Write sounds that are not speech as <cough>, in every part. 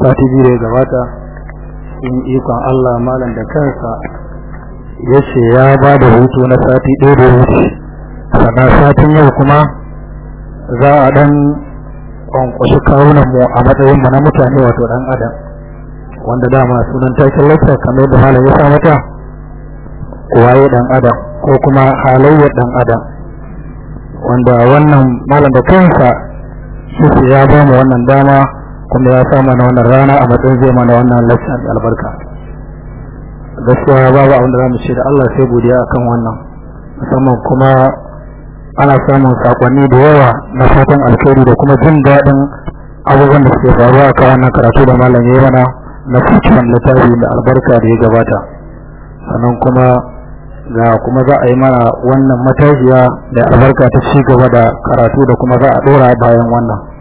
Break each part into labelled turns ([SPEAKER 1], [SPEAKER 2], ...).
[SPEAKER 1] sati biyu da ya gabata in ikon Allah malam da kansa ya ce ya ba da hutu na sati ɗaya da wuce sannan satin yau kuma za a ɗan kwankwashi kawunan mu a matsayin mu na mutane wato ɗan adam wanda dama sunan takin lafiya kamar yadda malam ya sa mata waye ɗan adam ko kuma halayyar ɗan adam wanda wannan malam da kansa shi ya ba mu wannan dama wanda ya sa mana wannan rana a matsayin zai mana wannan lafiyar albarka gaskiya babu abin da za mu ce da Allah sai godiya kan wannan musamman kuma ana samun sakonni da yawa na fatan alkhairi da kuma jin daɗin abubuwan da suke faruwa a kan wannan karatu da malam ya mana na cikin littafi da albarka da ya gabata sannan kuma ga kuma za a yi mana wannan matajiya da albarka ta ci gaba da karatu da kuma za a ɗora bayan wannan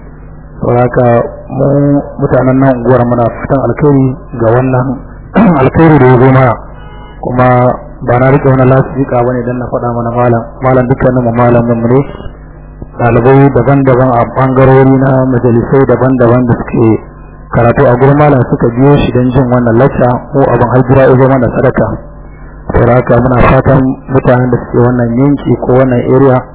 [SPEAKER 1] waka mu mutanen nan unguwar muna fitan alkhairi ga wannan <clears throat> alkhairi da ya zo mana kuma ba na rike wani lasifika ne dan na faɗa mana malam malam dukkanin mu min mu ne ɗalibai daban-daban a bangarori na majalisai daban-daban da suke karatu a gurin malam suka biyo shi don jin wannan lacca ko abin hajjira ya zo mana sadaka saboda haka muna fatan mutanen da suke wannan yanki ko wannan area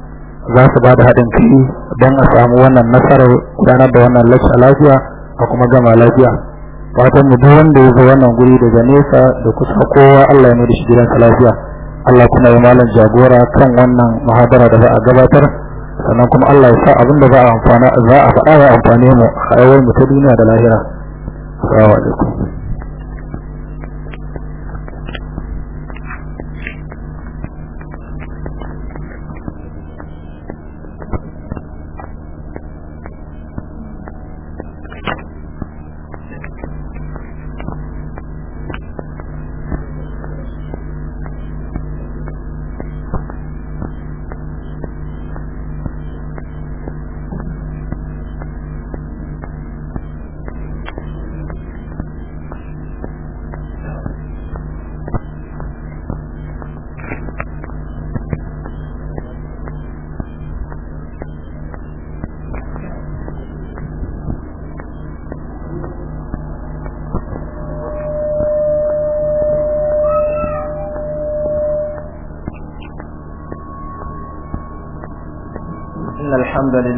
[SPEAKER 1] za su ba da haɗin kai don a samu wannan nasarar gudanar da wannan lashe lafiya a kuma gama lafiya fatan mu duk wanda ya zo wannan guri daga nesa da kusa kowa Allah ya mai da shi gidansa lafiya Allah kuma ya malam jagora kan wannan muhabara da za a gabatar sannan kuma Allah ya sa abin da za a amfana za a faɗa ya amfane mu a aiwar mu ta duniya da lahira assalamu alaikum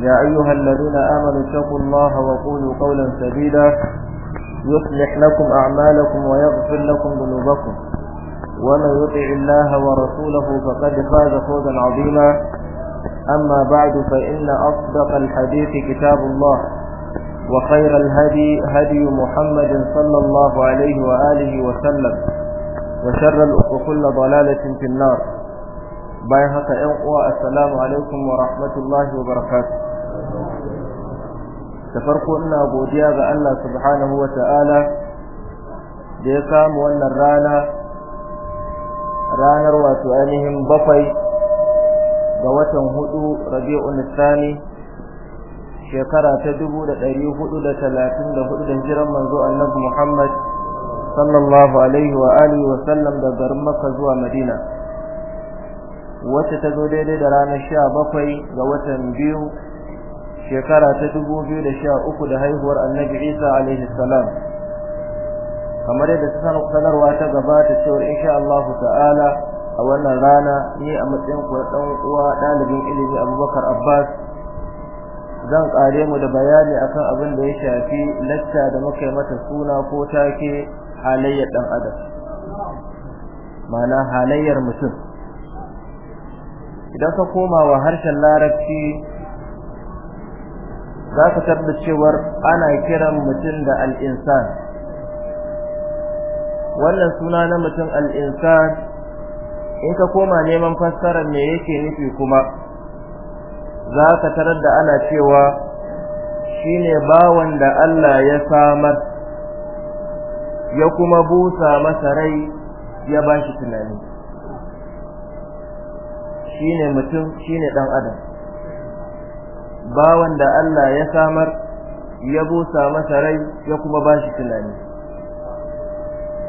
[SPEAKER 2] يا أيها الذين آمنوا اتقوا الله وقولوا قولا سديدا يصلح لكم أعمالكم ويغفر لكم ذنوبكم ومن يطع الله ورسوله فقد فاز فوزا عظيما أما بعد فإن أصدق الحديث كتاب الله وخير الهدي هدي محمد صلى الله عليه وآله وسلم وشر الأخ كل ضلالة في النار bayan haka yan uwa assalamu alaikum wa rahmatullahi wa barakatuh da farko ina godiya ga Allah subhanahu wa ta'ala da ya samu wannan rana ranar wato ainihin bakwai ga watan hudu rabi'un tsani shekara ta dubu da ɗari hudu da talatin da hudu da manzo annabi muhammad sallallahu alaihi wa alihi wa sallam da garin makka zuwa madina wacce ta zo daidai da ranar sha bakwai ga watan biyu shekara ta dubu biyu da sha uku da haihuwar annabi isa alaihi salam kamar yadda ta sanarwa ta gabata cewar insha allahu ta'ala a wannan rana ni a matsayin kuwa ɗan uwa ɗalibin ilimi abubakar abbas zan ƙare mu da bayani akan abin da ya shafi lacca da muka mata suna ko take halayyar ɗan adam ma'ana halayyar mutum idan ka koma wa harshen larabci za ka tabbata cewar ana kiran mutum da al'insan wannan suna na mutum al'insan in ka koma neman fassarar me yake nufi kuma za ka tarar da ana cewa shi ne bawan da Allah ya samar ya kuma busa masa rai ya ba tunani shine mutum shine dan adam Ba wanda Allah ya samar ya busa masa rai ya kuma bashi tunani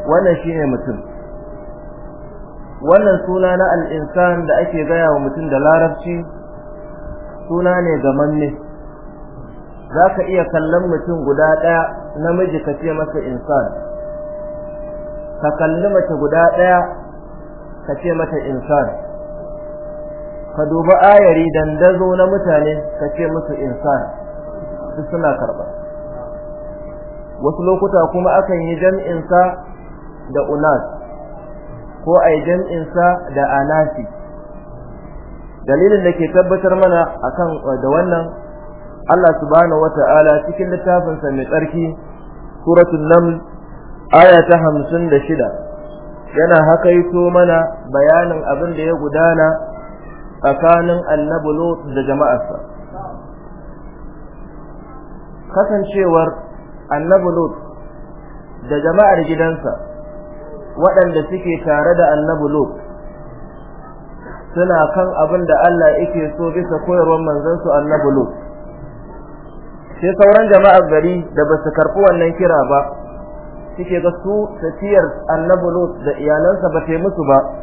[SPEAKER 2] wannan shine mutum wannan suna na al-insan da ake gaya wa mutum da larabci suna ne ga manne zaka iya kallon mutum guda daya namiji ka ce masa insan ka kalli mace guda daya ka ce mata insan ka duba ayari dandazo na mutane ka ce musu insan su suna karba wasu lokuta kuma akan yi jam'insa sa da unas ko ai jam'in sa da anasi dalilin da ke tabbatar mana akan da wannan Allah subhanahu wata'ala cikin littafin sa mai tsarki suratul naml aya ta shida, yana hakaito mana bayanin abin da ya gudana tsakanin annabi lot da jama'arsa kasancewar annabi lot da jama'ar gidansa waɗanda suke tare da annabi lot suna kan abin da Allah yake so bisa koyarwar manzansu annabi lot sai sauran jama'ar gari da ba su karɓi wannan kira ba suke ga su tafiyar annabi lot da iyalansa ba ta musu ba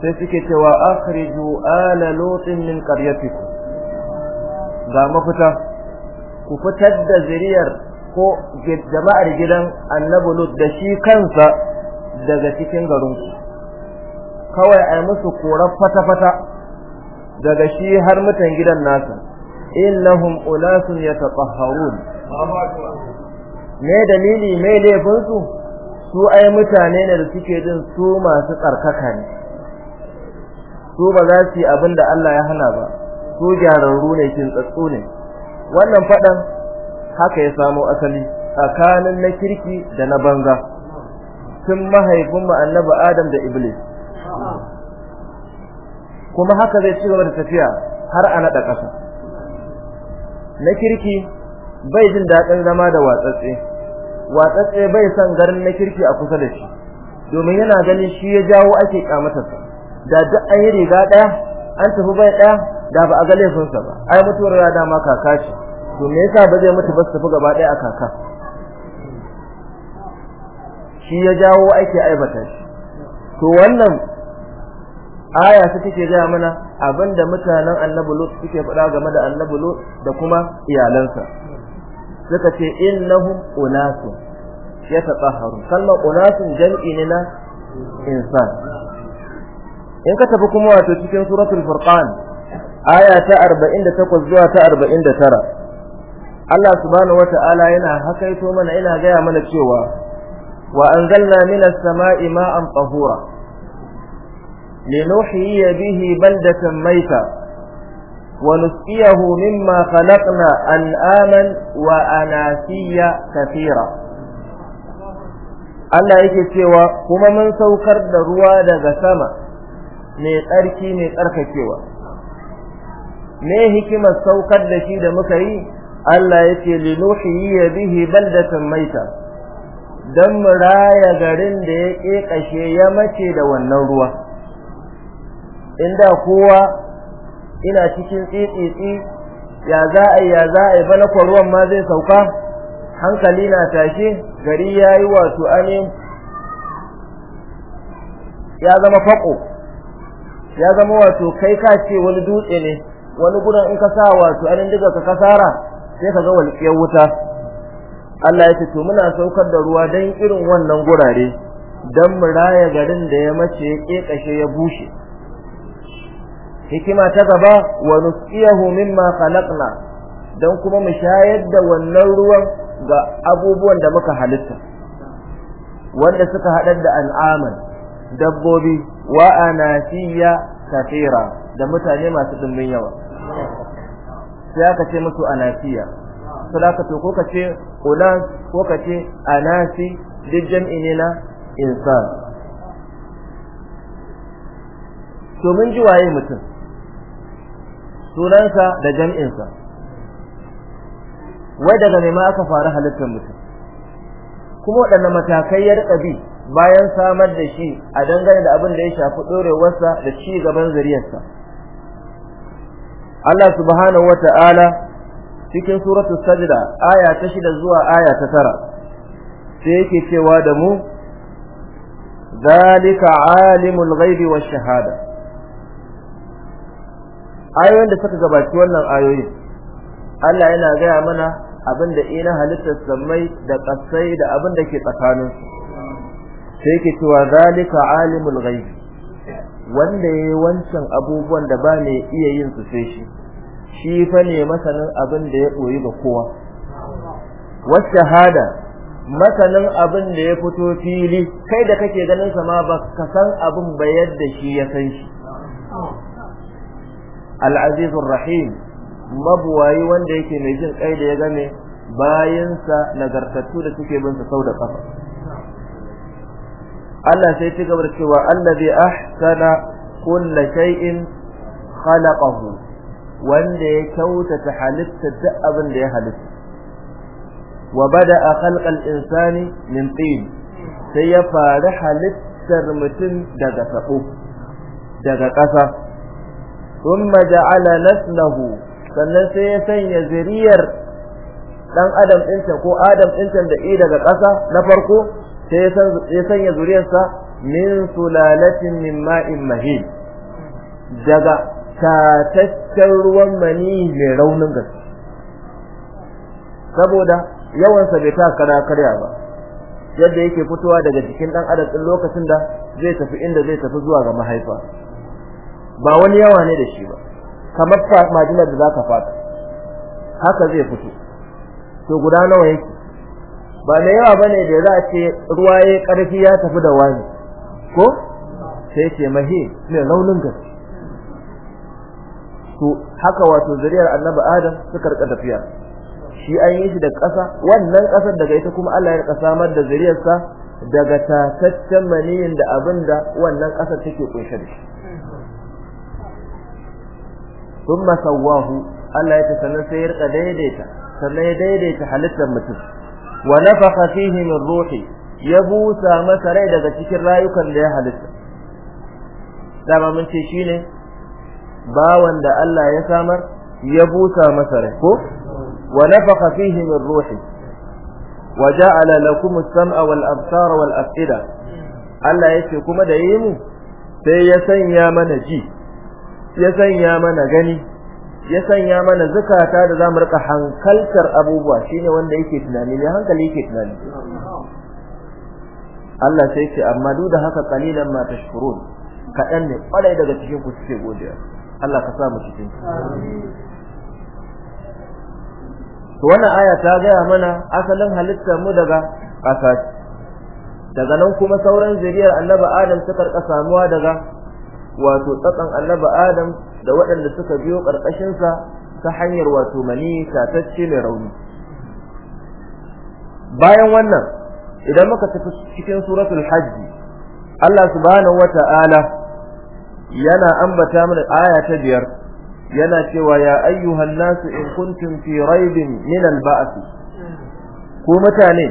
[SPEAKER 2] sai suke cewa akhriju ala lutin min qaryatikum ga mafita ku fitar da zuriyar ko jama'ar gidan annabi lut da shi kansa daga cikin garin ku, kawai ai musu kora fata-fata daga shi har mutan gidan nasa innahum ulasun harun. me dalili me laifin su su ai mutane ne da suke jin su masu tsarkaka ne su ba za su yi abin da Allah ya hana ba su gyararru ne kin tsatsu ne wannan fadan haka ya samo asali tsakanin na kirki da na banza tun mahaifin mu annabi Adam da Iblis kuma haka zai ci gaba da tafiya har a naɗa kasa na kirki bai jin daɗin zama da watsatse watsatse bai son garin na kirki a kusa da shi domin yana ganin shi ya jawo ake kamatarsa da duk an yi riga ɗaya an tafi bai ɗaya da ba a ga laifinsa ba ai mutuwar ya dama kaka ce to me yasa ba zai mutu ba su tafi gaba daya a kaka shi ya jawo aiki aibata shi to wannan aya ta take gaya mana abinda mutanen annabi lut suke faɗa game da annabi lut da kuma iyalansa suka ce innahum unasu yatatahharun kalmar unasun jam'i ne insan in ka tafi kuma wato cikin suratul furqan aya ta 48 zuwa ta tara. Allah subhanahu wata'ala yana hakaito mana yana gaya mana cewa wa anzalna minas sama'i ma'an tahura linuhyiya bihi baldatan mayta wa nusqiyahu mimma khalaqna an'aman wa anasiya kathira Allah yake cewa kuma mun saukar da ruwa daga sama mai tsarki mai tsarkakewa me hikima saukar da shi da muka yi Allah ya ce ya bihi baldatan maita dan muraya garin da ya kekashe ya mace da wannan ruwa inda kowa ina cikin tsitsitsi ya za a ya za a na ruwan ma zai sauka hankali na tashi gari yayi wato anin ya zama fako ya zama wato kai ka ce wani dutse ne wani gurin in ka sa wato anin diga ka kasara sai ka ga walƙiyar wuta Allah ya ce to muna saukar da ruwa dan irin wannan gurare dan mu raya garin da ya mace ya kashe ya bushe hikima ta gaba wa nusqiyahu mimma khalaqna dan kuma mu shayar da wannan ruwan ga abubuwan da muka halitta wanda suka haɗa da al'aman dabbobi wa anasiya kafira da mutane masu dimbin yawa sai aka ce musu anasiya aka to ko kace unas ko kace anasi duk jam'i ne na insan to mun ji waye mutum sunansa da jam'insa wai daga ne ma aka fara halittar mutum kuma waɗanne matakai ya riƙa bi bayan samar da shi a dangane da abin da ya shafi dorewarsa da ci gaban zuriyarsa Allah subhanahu wata'ala cikin suratul sajda aya ta shida zuwa aya ta tara sai yake cewa da mu zalika alimul ghaibi wash shahada ayoyin da suka gabaci wannan ayoyi Allah yana gaya mana abin da ina halittar sammai da kasai da abin da ke tsakaninsu sai yake cewa zalika alimul ghaibi wanda yayi wancan abubuwan da ba ne iya yin su sai shi shi fa ne masanin abin da ya koyi ga kowa wasu shahada masanin abin da ya fito fili kai da kake ganin sa ma ba ka san abin ba yadda shi ya san shi al rahim mabuwayi wanda yake mai jin kai da ya game bayansa nagartattu da suke bin sa sau da kafa Allah sai ci gaba da cewa allazi ahsana kulli shay'in khalaqahu wanda ya kyautata halitta duk abin da ya halitta wa bada'a khalqal insani min tin sai ya fara halittar mutum daga sabo daga ƙasa thumma ja'ala naslahu sannan sai ya sanya zuriyar dan adam ɗinta ko adam ɗinta da i daga ƙasa na farko sai ya sanya zuriyarsa min sulalatin min ma'in mahin daga tataccen ruwan mani mai raunin gaske saboda yawansa bai ta kara karya ba yadda yake fitowa daga jikin dan adam din lokacin da zai tafi inda zai tafi zuwa ga mahaifa ba wani yawa ne da shi ba kamar majinar da zaka fata haka zai fito to guda nawa yake ba da yawa ba ne da za a ce ruwa ya karfi ya tafi da wani ko sai ce mahi ne launin gaske to haka wato zuriyar annabi adam suka rika tafiya shi an yi shi da kasa wannan ƙasar daga ita kuma Allah ya rika samar da zuriyarsa daga tataccen maniyin da abin da wannan ƙasar take kunshe da shi thumma sawwahu Allah ya ta sannan sai ya rika daidaita sannan ya daidaita halittar mutum wa nafakha fihi min ruhi ya busa masa rai daga cikin rayukan da ya halitta dama mun ce shine bawan da Allah ya samar ya busa masa rai ko wa nafakha fihi min ruhi wa ja'ala lakum as-sam'a wal absara wal af'ida Allah yake kuma da yi mu sai ya sanya mana ji ya sanya mana gani ya sanya mana zakata da zamu rika hankaltar abubuwa shine wanda yake tunani ne hankali yake tunani Allah sai ce amma duk da haka qalilan ma tashkurun kadan ne kwarai daga cikin ku suke godiya Allah ka sa mu cikin to wannan aya ta gaya mana asalin halittar mu daga ƙasa daga nan kuma sauran zuriyar annabi Adam suka rika samuwa daga wato tsakan annaba adam da waɗanda suka biyo ƙarƙashinsa ta hanyar wato mani tatacce mai rauni bayan wannan idan muka tafi cikin suratul hajji Allah subhanahu wata'ala yana ambata mana aya ta biyar yana cewa ya ayyuhan nasu in kuntum fi raibin min al ko mutane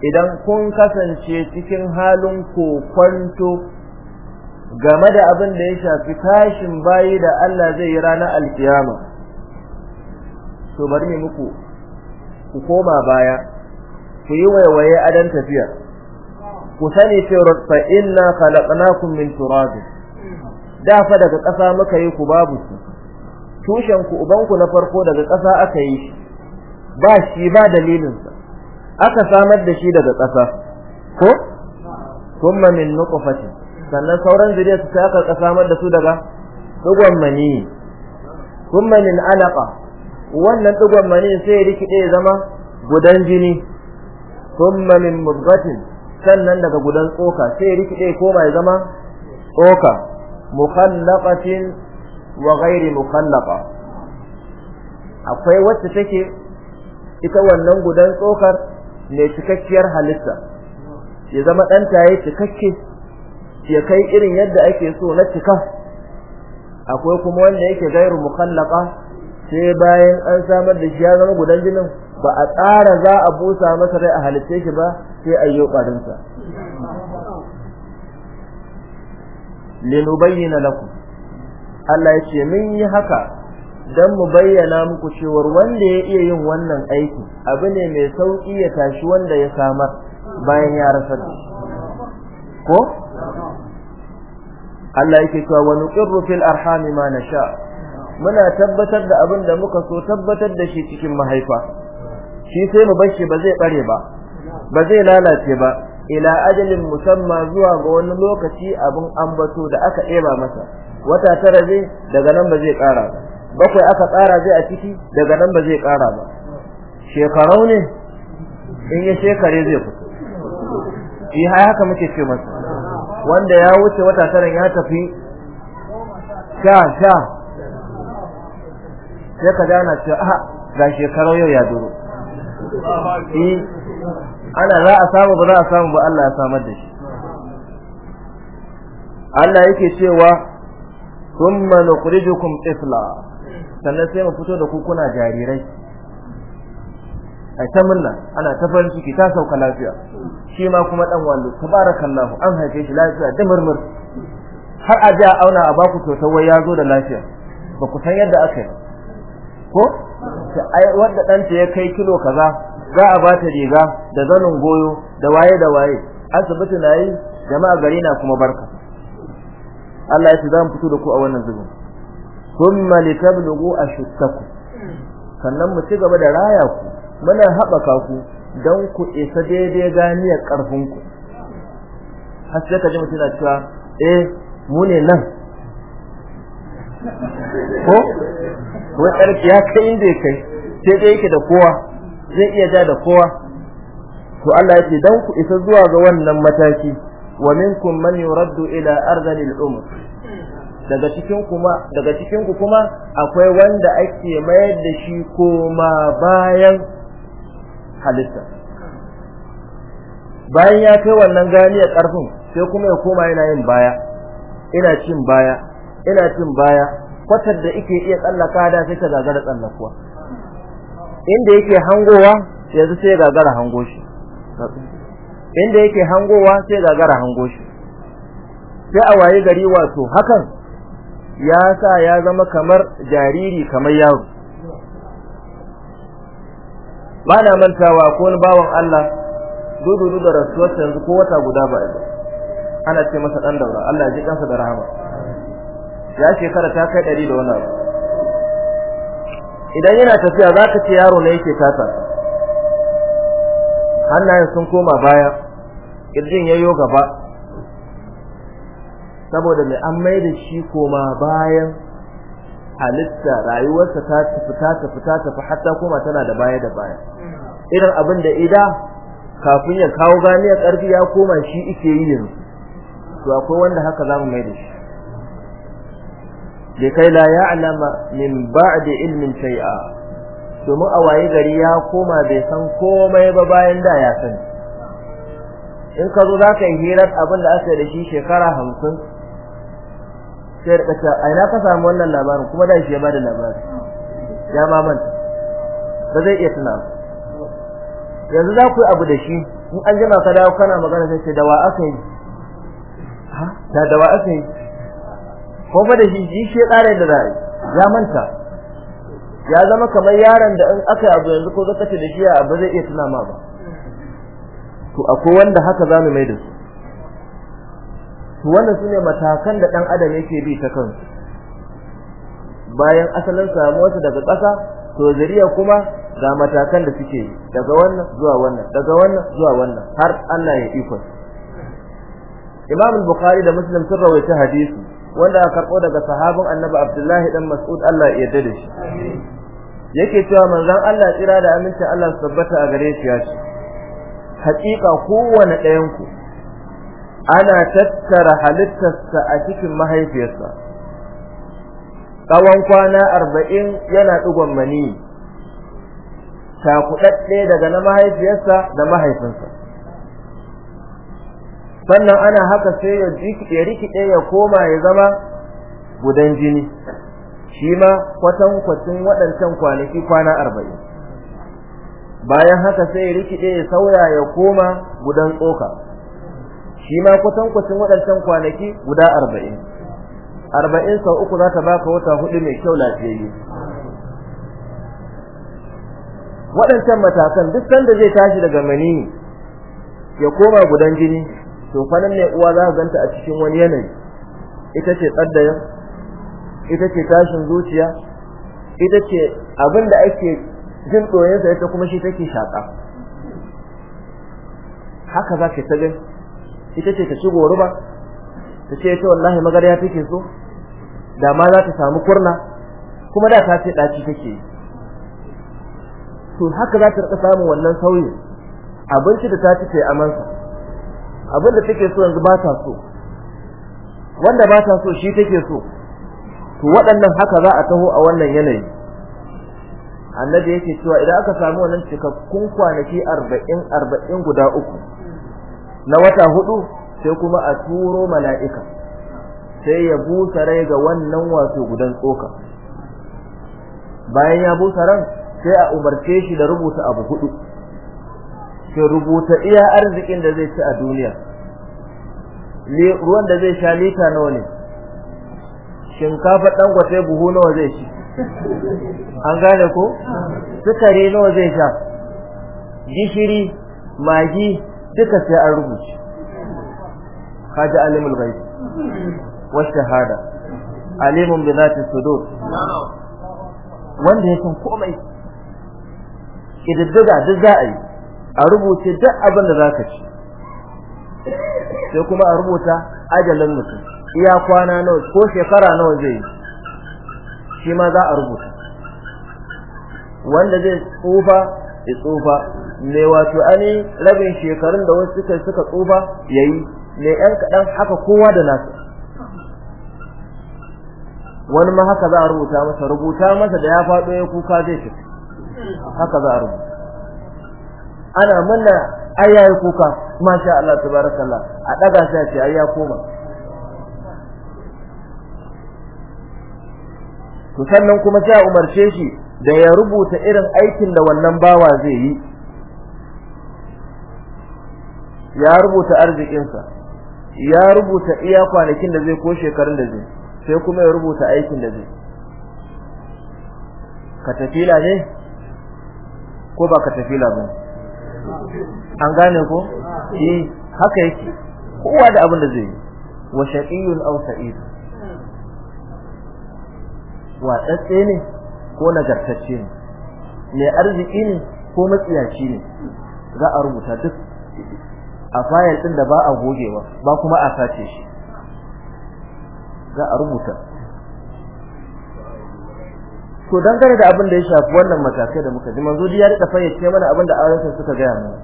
[SPEAKER 2] idan kun kasance cikin halin kwanto game da abin da ya shafi tashin bayi da Allah zai yi ranar alkiyama to bari ne muku ku koma baya ku yi waiwaye adon tafiya ku sani cewar fa inna khalaqnakum min turab da fa daga ƙasa muka yi ku babu su tushen ku uban ku na farko daga ƙasa aka yi ba shi ba dalilin sa aka samar da shi daga ƙasa ko kuma min nutfatin sannan sauran zuriyar su aka ka samar da su daga dugon mani kuma min alaqa wannan dugon mani sai rikide zama gudan jini kuma min mudghatin sannan daga gudan tsoka sai rikide koma ya zama tsoka mukhallaqatin wa ghairi mukhallaqa akwai wacce take ita wannan gudan tsokar mai cikakkiyar halitta ya zama dan taye cikakke ya kai irin yadda ake so na cika akwai kuma wanda yake gairu mukallaqa sai bayan an samar da shi ya zama gudan jinin ba a tsara za a busa masa rai a halitta shi ba sai a yi ƙwarinsa linubayyana lakum Allah ya ce mun yi haka dan mu bayyana muku cewar wanda ya iya yin wannan aiki abu ne mai sauki ya tashi wanda ya samar bayan ya rasa ko Allah yake cewa wa nuqirru fil arhami ma nasha muna tabbatar da abin da muka so tabbatar da shi cikin mahaifa shi sai mu bar shi ba zai bare ba ba zai lalace ba ila ajalin musamma zuwa ga wani lokaci abin ambato da aka ɗeba masa wata tara zai daga nan ba zai ƙara ba bakwai aka ƙara zai a ciki daga nan ba zai ƙara ba shekarau ne in ya shekare zai fito shi haka muke ce masa wanda ya wuce wata tara ya tafi
[SPEAKER 3] sha sha
[SPEAKER 2] sai ka dana ce a ga shekaru yau ya duro
[SPEAKER 3] e, ana za
[SPEAKER 2] a samu ba za a samu ba Allah ya samar da shi Allah yake cewa thumma nukhrijukum isla sannan sai mu fito da ku kuna jarirai a ta murna ana ta farin ciki ta sauka lafiya shi ma kuma dan wallo tabarakallahu an haife shi lafiya da murmur har a ja auna a baku to wai ya zo da lafiya ba ku san yadda aka yi ko ai wanda ɗanta ya kai kilo kaza za a ba ta riga da zanin goyo da waye da waye asibiti na yi jama'a gari na kuma barka Allah ya ce za mu fito da ku a wannan zubin thumma litablugu ashuddakum sannan mu ci gaba da raya ku muna haɓaka ku don ku isa daidai ganiyar ku har sai ka ji mutuna cewa eh mu ne nan ko wai ƙarfi ya kai inda ya kai sai dai yake da kowa zai iya ja da kowa to Allah ya ce don ku isa zuwa ga wannan mataki wa minkum man yuraddu ila ardhil umr daga cikin kuma daga cikin ku kuma akwai wanda ake mayar da shi koma bayan halitta bayan ya kai wannan gani a karfin sai kuma ya koma yana yin baya ina cin baya ina cin baya kwatar da ike iya tsallaka da sai ta gagara tsallakuwa inda yake hangowa yanzu sai gagara hango shi inda yake hangowa sai gagara hango shi sai a waye gari wato hakan ya sa ya zama kamar jariri kamar yaro Bana mantawa ko wani bawan Allah dudu da rasuwar yanzu ko wata guda ba ido ana ce masa dan daura Allah ji kansa da rahama ya shekara ta kai ɗari da wani abu idan yana tafiya za ka ce yaro ne yake tata hannayen sun koma baya kirjin yayyo gaba saboda mai an maida shi koma bayan halitta rayuwarsa ta tafi ta tafi ta tafi hatta kuma tana da baya da baya irin abin da ida kafin ya kawo ya karfi ya koma shi ike yi yanzu to akwai wanda haka zamu mai da shi kai la ya'lama min ba'di ilmin shay'a domin a waye gari ya koma bai san komai ba bayan da ya sani in ka zo za ka yi hirar abin da aka yi da shi shekara hamsin sai rika cewa ai na ka samu wannan labarin kuma da shi ya bada labarin ya mamanta ba zai iya tuna yanzu za ku yi abu da shi in an jima ka dawo kana magana sai ce dawa aka yi ha da dawa aka yi ko ba da shi shi shi kare da rai ya manta ya zama kamar yaron da in aka yi abu yanzu ko zaka ce da shi abu zai iya tuna ma ba to akwai wanda haka zamu mai da su to wannan sune matakan da dan adam yake bi ta kansu bayan asalin samuwarsa daga ƙasa to zuriya kuma ga matakan da suke daga wannan zuwa wannan daga wannan zuwa wannan har Allah ya iko Imam al-Bukhari da Muslim sun rawaita hadisi wanda aka karbo daga sahabin Annabi Abdullah dan Mas'ud Allah ya yarda da shi yake cewa manzon Allah tsira da aminci Allah su tabbata a gare shi ya ce Hakika kowane ɗayan ku ana tattara halittarsa a cikin mahaifiyarsa tsawon kwana arba'in yana ɗigon mani takuɗaɗɗe daga na mahaifiyarsa da mahaifinsa sannan ana haka sai ya rikide ya koma ya zama gudan jini shi ma kwatan kwacin waɗancan kwanaki kwana arba'in bayan haka sai ya rikide ya sauya ya koma gudan tsoka shi ma kwatankwacin waɗancan kwanaki guda arba'in arba'in sau uku za ta baka wata hudu mai kyau lafiyayye waɗancan matakan duk sanda zai tashi daga mani ya koma gudan jini to kwanan ne uwa za ka ganta a cikin wani yanayi ita ce tsaddayin ita ce tashin zuciya ita ce abin da ake jin ɗoyinsa ita kuma shi take shaƙa haka za ka ta gani ita ce ta ci ba? ta ce ita wallahi magarya take so da ma za ta samu kurna kuma da ta ce ɗaci take to haka za ta rika samun wannan sauyi abinci da ta ci ta amansa abin da take so yanzu ba ta so wanda ba ta so shi take so to waɗannan haka za a taho a wannan yanayi annabi yake cewa idan aka samu wannan cikakkun kwanaki arba'in arba'in guda uku na wata hudu sai kuma a turo mala'ika sai ya busa rai ga wannan wato gudan tsoka bayan ya busa ran sai a umarce shi da rubuta abu hudu sai rubuta iya arzikin da zai ci a duniya ruwan da zai sha lita nawa ne shinkafa dangote buhu nawa zai ci an gane ko sukari nawa zai sha gishiri magi duka sai an rubuce kaji alimul ghaib wa shahada alimun bi zati sudur wanda ya san komai kididdiga duk za a yi a rubuce duk abin da zaka ci sai kuma a rubuta ajalin mutum iya kwana nawa ko shekara nawa zai yi shi ma za a rubuta wanda zai tsufa ya tsufa ne wato ani rabin shekarun da wasu suka suka tsufa yayi ne ɗan kadan haka kowa da nasa wani ma haka za a rubuta masa rubuta masa da ya faɗo ya kuka zai ci haka za a rubuta ana manna ai yayi kuka masha Allah tabarakallah a daga sai ce ai ya koma to sannan kuma sai a umarce shi da ya rubuta irin aikin da wannan bawa zai yi ya rubuta arzikinsa ya rubuta iya kwanakin da zai ko shekarun da zai sai kuma ya rubuta aikin da zai katafila ne ko ba katafila ba
[SPEAKER 3] an gane ko yi
[SPEAKER 2] eh, haka yake kowa da abin da zai yi wa shaqiyun aw sa'id wa tsatse ne ko nagartacce ne mai arziki ne ko matsiyaci ne za a rubuta duk a fayil din da ba a gogewa ba kuma a sace shi za a rubuta to dangane da abin da ya shafi wannan matakai da muka ji manzo ya rika fayyace mana abin da ayoyin suka gaya mana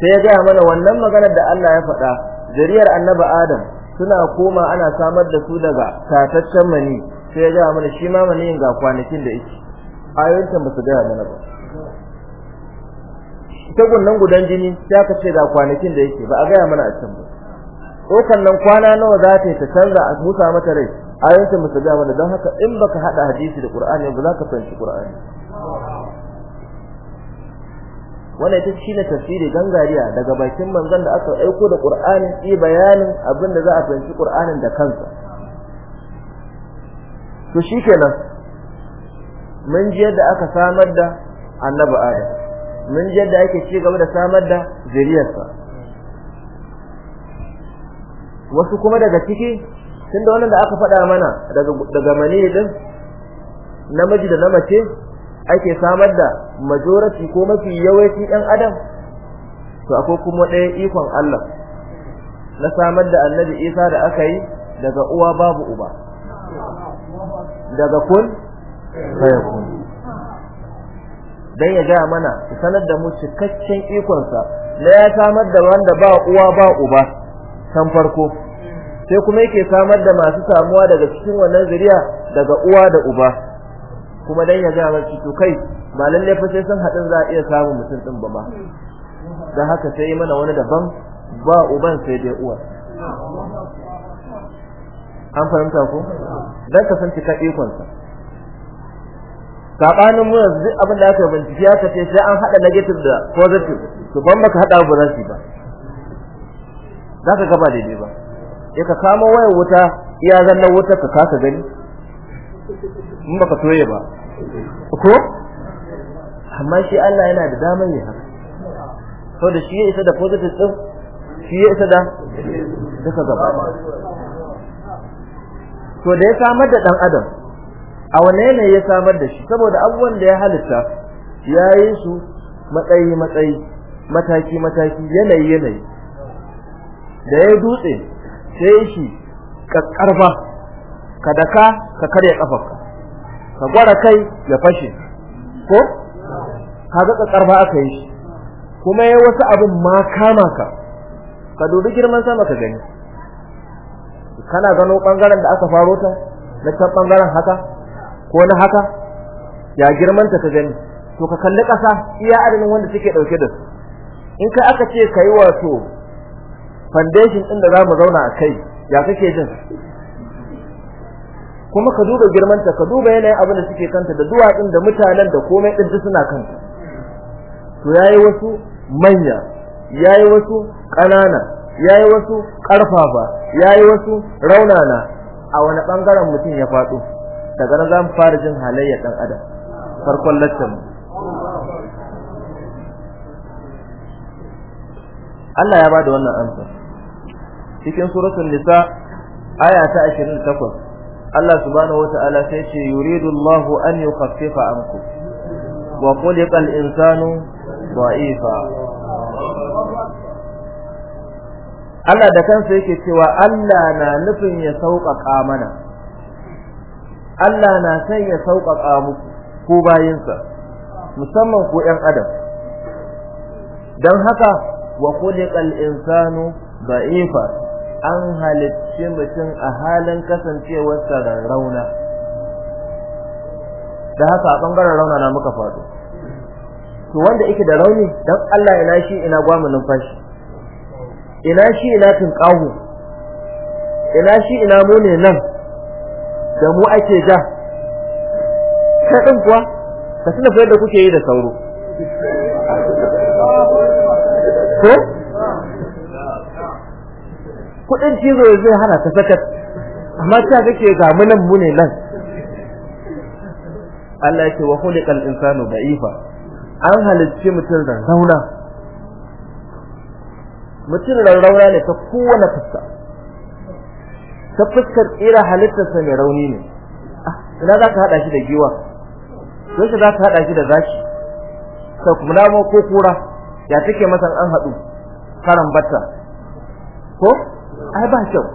[SPEAKER 2] sai ya gaya mana wannan maganar da Allah ya faɗa zariyar annabi Adam suna koma ana samar da su daga tataccen mani sai ya gaya mana shi ma yin ga kwanakin da yake ayoyin ba su gaya mana ba ta gunnan gudan jini sai kace ce ga kwanakin da yake ba a gaya mana a can ba tsokan nan kwana nawa za ta yi ta canza a musa mata rai ayoyin ba su gaya mana don haka in baka hada hadisi da qur'ani ba za ka fahimci qur'ani wannan ita shine tafsiri gangariya daga bakin manzon da aka aiko da qur'ani yi bayanin abin da za a fahimci qur'anin da kansa to shikenan mun ji yadda aka samar da annabi adam mun ji yadda ake ci gaba da samar da zuriyarsa wasu kuma daga ciki tun da wannan da aka faɗa mana daga daga mani din namiji da na mace ake samar da majority ko mafi yawanci ɗan adam to akwai kuma ɗaya ikon Allah na samar da annabi Isa da aka yi daga uwa babu uba daga kun fayakun dan ya gaya mana ki sanar da mu cikakken ikonsa na ya samar da wanda ba uwa ba uba san farko sai kuma yake samar da masu samuwa daga cikin wannan zuriya daga uwa da uba kuma dan ya ga mana to kai ba lalle fa sai sun hadin za a iya samun mutum din ba ba dan haka sai mana wani daban ba uban sai dai uwa an fahimta ko dan ka san cika ikon sa sabanin mu yanzu duk abin da aka bincike aka ce sai an hada negative da positive to ban baka hada ba zai ba zaka gaba daidai ba Ya ka kama wayar wuta iya zallan wuta ka kasa gani in baka toye ba
[SPEAKER 3] ko amma shi
[SPEAKER 2] Allah yana da damar yi haka to da shi ya isa da positive din shi ya isa da duka gaba to da ya samar da dan adam a wane ne ya samar da shi saboda abubuwan da ya halitta ya yi su matsayi matsayi mataki mataki yanayi yanayi da ya dutse sai shi kakkarfa ka daka ka karya kafarka ka gwara kai ya fashe ko kaga kakkarfa aka yi shi kuma ya wasu abin ma kama ka ka dubi girman sama ka gani kana gano bangaren da aka faro ta na can bangaren haka ko na haka ya girman ka gani to ka kalli ƙasa iya adadin wanda suke ɗauke da su in kai aka ce kai wato foundation ɗin da za zauna a kai ya kake jin kuma ka duba girmanta ka duba yanayin abin da suke kanta da duwatsun da mutanen da komai din su suna kanta to yayi wasu manya yayi wasu ƙanana yayi wasu karfafa yayi wasu raunana a wani bangaren mutum ya fado daga nan zamu fara jin halayya dan adam farkon lattan Allah ya bada wannan amsa cikin suratul nisa aya ta 28 Allah subhanahu wataala sai ce yuridu Allah an yukhaffifa ankum wa khuliqa al-insanu dha'ifa Allah da kansa yake cewa Allah na nufin ya sauƙaƙa mana Allah na san ya sauƙaƙa muku ko bayinsa musamman ko ƴan adam don haka wa khuliqal insanu da'ifa an halicci mutum a halin kasancewarsa da rauna da haka a bangaren rauna na muka faɗo to wanda yake da rauni dan Allah ina nashi ina gwamu numfashi ina shi ina tunƙahu ina shi ina mune nan da mu ake ja kaɗin kuwa ka tuna fa yadda kuke yi da sauro ko kuɗin cizo zai hana ta sakat amma ta kake ga mu nan mu ne nan Allah ya ce wa khuliqal insanu da'ifa an halicci mutum zauna. mutum rarrauna ne ta kowane fuska ta fuskar tsira halittarsa mai rauni ne ah, ina za ka haɗa shi da giwa shi za ka haɗa shi da zaki ta kuma ko kura ya take masa an hadu karan batta ko ai ba kyau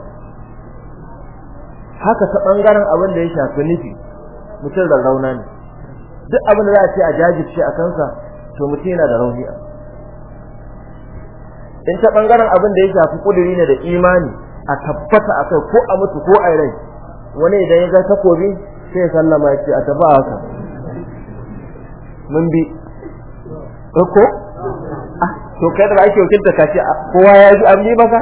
[SPEAKER 2] haka ta ɓangaren abin da ya shafi nufi mutum rarrauna ne duk abin da za a ce a jajirce a kansa to mutum yana da rauni a in ta bangaren abin da ya shafi kuduri ne da imani a tabbata akai ko a mutu ko a rai wani idan ya ga takobi sai sallama ya ce a taba haka mun bi ko ah, to kai da ake wakilta ka ce kowa ya ji an bi maka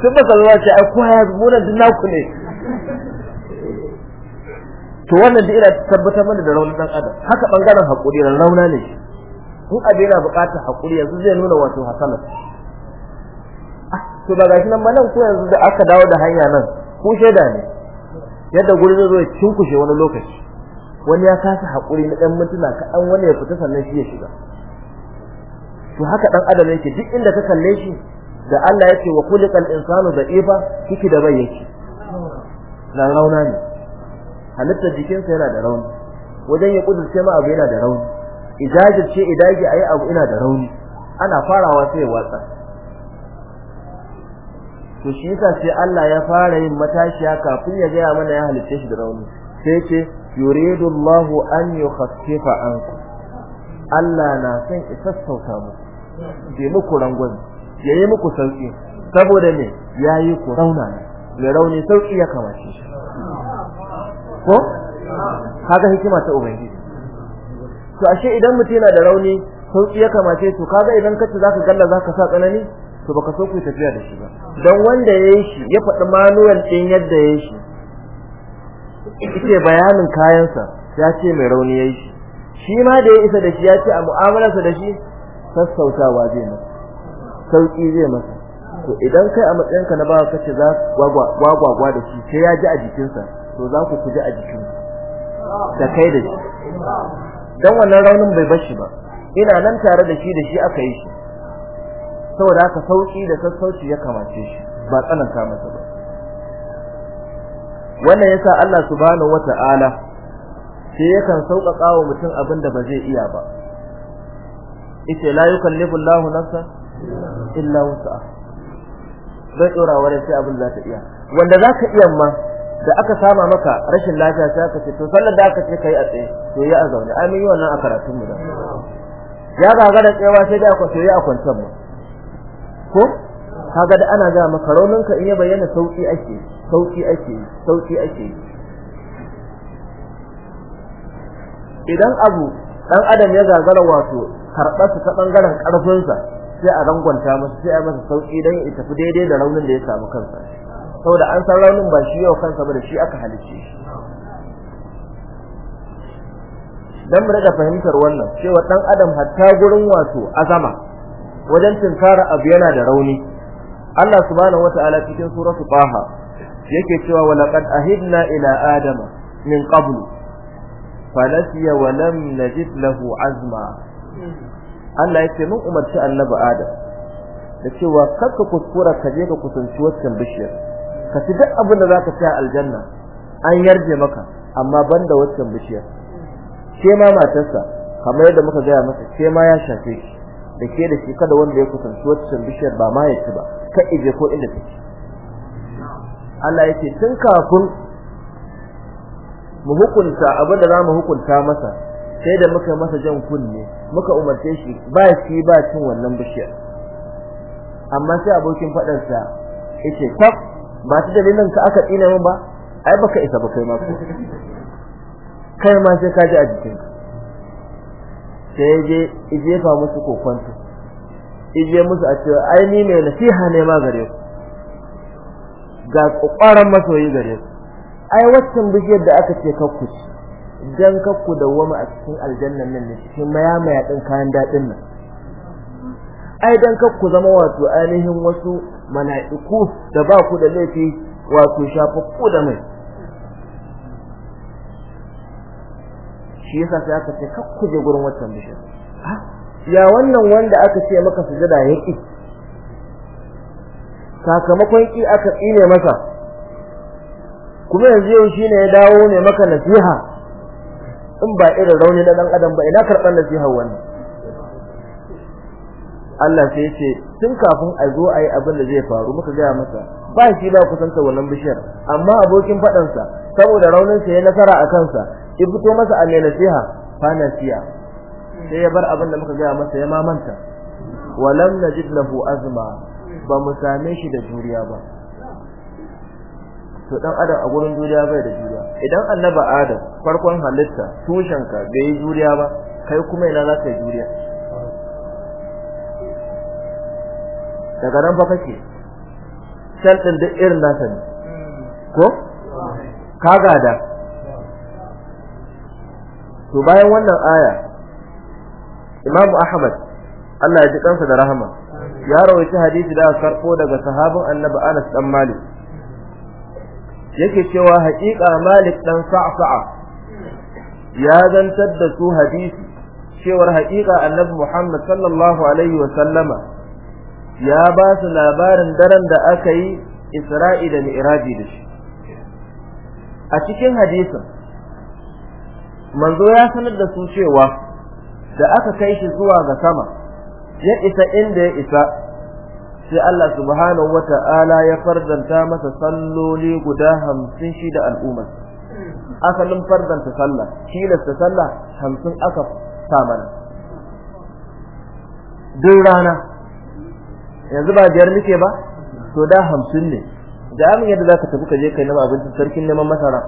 [SPEAKER 2] sun ba sallama ce ai kowa ya ji mu nan naku ne to wannan da ina tabbatar mana da raunin dan adam haka bangaren hakuri rauna ne in abu yana bukatar haƙuri yanzu zai nuna wato hasalar ah, to ba gashi nan ba nan ko yanzu da aka dawo da hanya nan ko shaida ne yadda guri zai zo ya cinkushe wani lokaci wani ya kasa hakuri na dan mutuna an wani ya fita sannan shi ya shiga to haka dan adam yake duk inda ka kalle shi da Allah yake wa kulikal insanu da ifa kiki da bai yake Na rauna ne halitta jikinsa yana da rauni wajen ya kudurce ma abu yana da rauni ijajirce idaji ayi abu ina da rauni ana farawa sai watsa to shi yasa sai Allah ya fara yin matashiya kafin ya gaya mana ya halice shi da rauni sai ce yuridu Allah an yukhaffifa ankum Allah na son ya sassauta muku ya muku rangwani ya yi muku sauki saboda me yayi ku rauna ne mai rauni sauki ya kamace shi
[SPEAKER 3] ko kaga hikima
[SPEAKER 2] ta ubangiji to ashe idan mutum yana da rauni sauki ya kamace to kaga idan kace zaka galla zaka sa tsanani to baka so ku tafiya da shi ba dan wanda yayi shi ya faɗi manual din yadda yayi shi yake bayanin kayansa ya ce mai rauni yayi shi shi ma da ya isa da shi ya ce a mu'amalarsa da shi sassautawa zai masa sauki zai masa to idan kai a ka na bawa kace za gwagwa-gwagwa da shi sai ya ji a jikinsa to za ku ji a jikin da kai da shi dan wannan raunin bai bashi ba ina nan tare da shi da shi aka yi shi saboda haka sauki da sassauci ya kamace shi ba tsananta masa ba wannan yasa Allah subhanahu wata'ala sai yakan sauƙaƙa wa mutum abin da ba zai iya ba yace la yukallifu Allahu nafsa illa wus'aha bai dora wa sai abin za ta iya wanda zaka iya ma da aka sama maka rashin lafiya sai ka ce to sallar da aka ce kai a tsaye to yi a zaune ai yi wannan a karatun mu da ya ga da tsayawa sai da ku soyayya a kwantar mu ko kaga da ana ga maka raunin ka in ya bayyana sauki ake sauki ake sauki ake idan abu dan adam ya gagara wato karɓar ta bangaren karfin sa sai a rangwanta masa sai a masa sauki dan ya tafi daidai da raunin da ya samu kansa saboda an san raunin ba shi yau kansa ba da shi aka halicce shi dan mu fahimtar wannan cewa ɗan adam hatta gurin wato azama wajen tinkara abu yana da rauni Allah wata ala cikin suratul ɓaha, yake cewa a Hidna ila adama min qablu falasiya wa lam najid lahu azma Allah yake mun umarci annabi Adam da cewa kakka kuskura ka je ka kusanci waccan bishiyar ka ci duk abin da zaka ci a aljanna an yarje maka amma banda waccan bishiyar ke ma matarsa kamar yadda muka gaya masa ke ma ya shafe shi da ke da shi kada wanda ya kusanci waccan bishiyar ba ma ya ci ba ka ije ko inda ci. Allah yake tun kafin mu hukunta abin da za mu hukunta masa sai da muka masa jan kunne muka umarce shi ba shi ba cin wannan bishiyar amma sai abokin fadarsa yake tab ba ta dalilin ka aka tsine min ba ai baka isa ba kai ma ko kai ma sai ka ji a jikin sai je ijefa musu kokonta ije musu a cewa ai ni mai nasiha ne ma gare ku ga kokarin masoyi gare ku ai waccan bishiyar da aka ce kakku ci dan kakku dawwama a cikin aljannan nan ne cikin mayamaya din kayan dadin nan ai dan kakku zama wato ainihin wasu mala'iku da ba ku da laifi wato shafaffu da mai shi yasa sai aka ce kar ku je gurin wancan bishiyar ah, ya wannan wanda aka ce maka sujada ya ki sakamakon ki aka tsine masa kuma yanzu yau shine ya dawo ne maka nasiha in ba irin rauni na dan adam ba ina karɓar nasiha wannan Allah sai ce tun kafin a zo a yi abin da zai faru muka gaya masa ba shi ba kusanta wannan bishiyar amma abokin faɗansa saboda raunin sa ya nasara a kansa ya fito masa a mai nasiha fanasiya sai ya bar abin da muka gaya masa ya mamanta walam najid lahu azma ba mu same shi da juriya ba to dan adam a gurin juriya bai da juriya idan annaba adam farkon halitta tushenka bai juriya ba kai kuma ina za ka juriya daga nan fa kake sel din duk irin nasa ko ka gada to bayan wannan aya Imam Ahmad Allah ya ji kansa da rahama ya rawaita hadisi da sarƙo daga sahabin Annabi Anas dan Malik yake cewa haƙiƙa Malik dan Sa'sa'a ya zantar da su hadisi cewar haƙiƙa Annabi Muhammad sallallahu alaihi wa sallama ya ba su labarin daren da aka yi isra'i da mi'raji da shi a cikin hadisin manzo ya sanar da su cewa da aka kai shi zuwa ga sama ya isa inda ya isa sai Allah subhanahu wata'ala ya fardanta masa salloli guda hamsin shi da al'ummar asalin fardanta sallah tilasta sallah hamsin aka samana duk rana yanzu ba biyar muke ba to da hamsin ne da amin yadda za ka tafi ka je kai nama abincin sarkin neman masara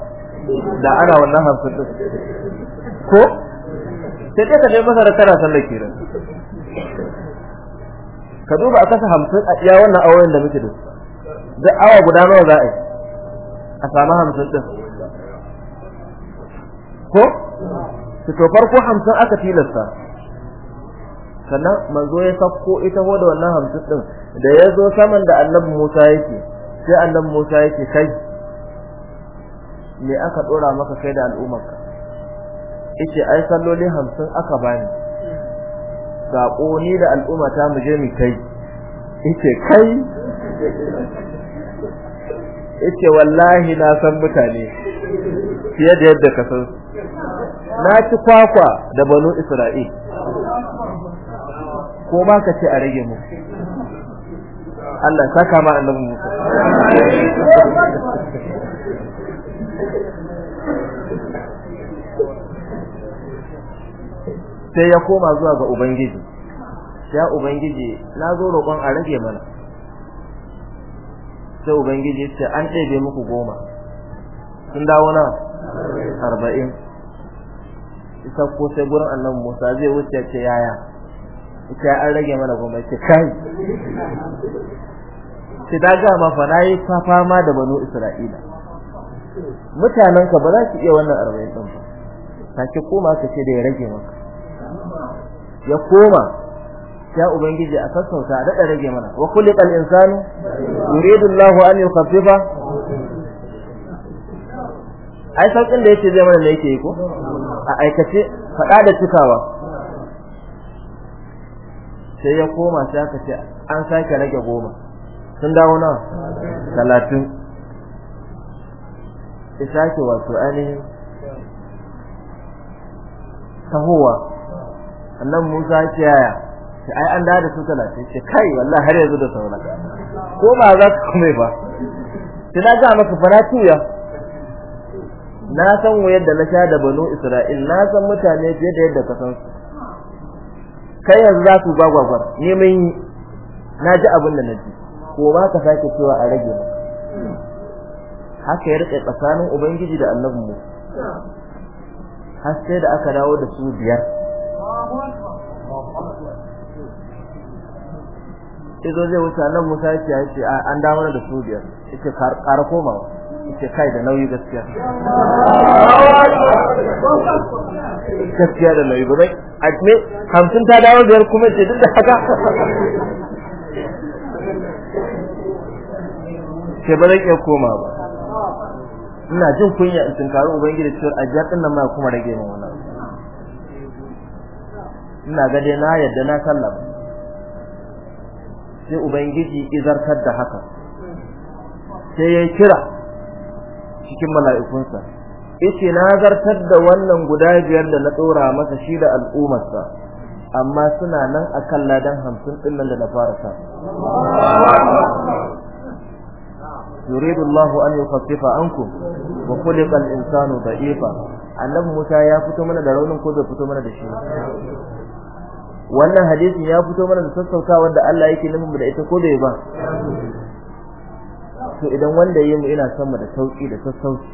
[SPEAKER 2] da ana wannan hamsin ɗin ko sai dai ka je masara tana da kiran ka duba a kasa hamsin a iya wannan auren da muke da su da awa guda nawa za a yi a samu hamsin ɗin ko to farko hamsin aka tilasta sannan manzo ya sako ita ho da wannan hamsin din da ya zo saman da annabi Musa yake sai annabi Musa yake kai me aka dora maka kai da al'ummarka yace ai salloli hamsin aka bani ga ni da al'umma ta mu je mu kai yace kai yace wallahi na san mutane fiye da yadda ka san
[SPEAKER 3] na ci kwakwa da banu Isra'il ko ba ka ce a rage mu
[SPEAKER 2] Allah saka ma annabi Musa sai ya koma zuwa ga ubangiji ya ubangiji na zo roƙon a rage mana sai ubangiji ya ce an ɗebe muku goma sun dawo na arba'in isa ko sai gurin annabi musa zai wuce ce yaya ita an rage mana gwamnati kai sai da ga ma fa yi fama da banu isra'ila mutanen ka ba za su iya wannan arba'in din ba sake koma ka ce da ya rage maka ya koma ya ubangiji a sassauta a da rage mana wa kulliqal insanu yuridu Allahu an yukhaffifa ai saukin da yake zai mana ne yake yi ko a aikace faɗa da cikawa sai ya koma sai aka ce an sake rage goma sun dawo nawa talatin ya sake wato ainihin tahowa annan musa ce yaya ce ai an dawo da su talatin ce kai wallahi har yanzu da sauran ko ba za su kome ba sai na ga maka fara tuya na san wayar da na sha da banu isra'il na san mutane fiye da yadda ka san su kai yanzu za su gwagwagwar neman yi na ji abin da na ji ko ba ka sake cewa a rage ba haka ya rike tsakanin ubangiji da annabin mu haske da aka dawo da su biyar izo zai wuce nan musa ya ce an damar da su biyar ce kar komawa ke kai da nauyi gaskiya gaskiya da nauyi ba zai? a ne hamsin ta dawo biyar kuma ce duk da haka Ke ba zan iya koma ba ina jin kunya in tunkari ubangiji cewar a jiya ɗin nan ma kuma rage min wannan ina ga dai na yadda na sallama sai ubangiji izartar da haka sai ya kira cikin mala'ikunsa yace na zartar da wannan guda biyar da na dora masa shi da al'ummarsa amma suna nan akan ladan 50 din nan da na fara sa yuridu Allah an yukhaffifa ankum wa khuliqa al-insanu da'ifa annabi Musa ya fito mana da raunin ko bai fito mana da shi wannan hadisin ya fito mana da sassaukawar da Allah yake nufin da ita ko da ba to idan wanda yayi mu ina son mu da sauki da sassauci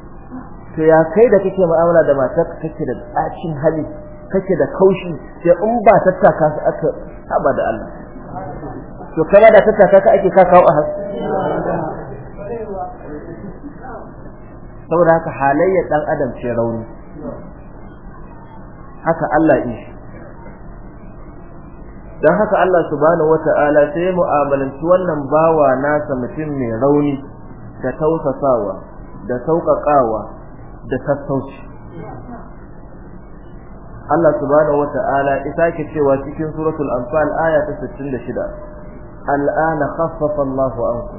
[SPEAKER 2] to ya kai da kike mu'amala da matar kake da tsacin hali kake da kaushi sai in ba tattaka su aka haba da Allah to kana da tattaka ka ake ka kawo a hasu saboda haka halayyar dan adam ce rauni haka Allah yi dan haka Allah subhanahu wata'ala sai mu'amalanci wannan bawa nasa mutum mai rauni da tausasawa da sauƙaƙawa da sassauci Allah subhanahu wata'ala isa ke cewa cikin suratul anfal aya ta 66 al'ana khaffafa Allahu anku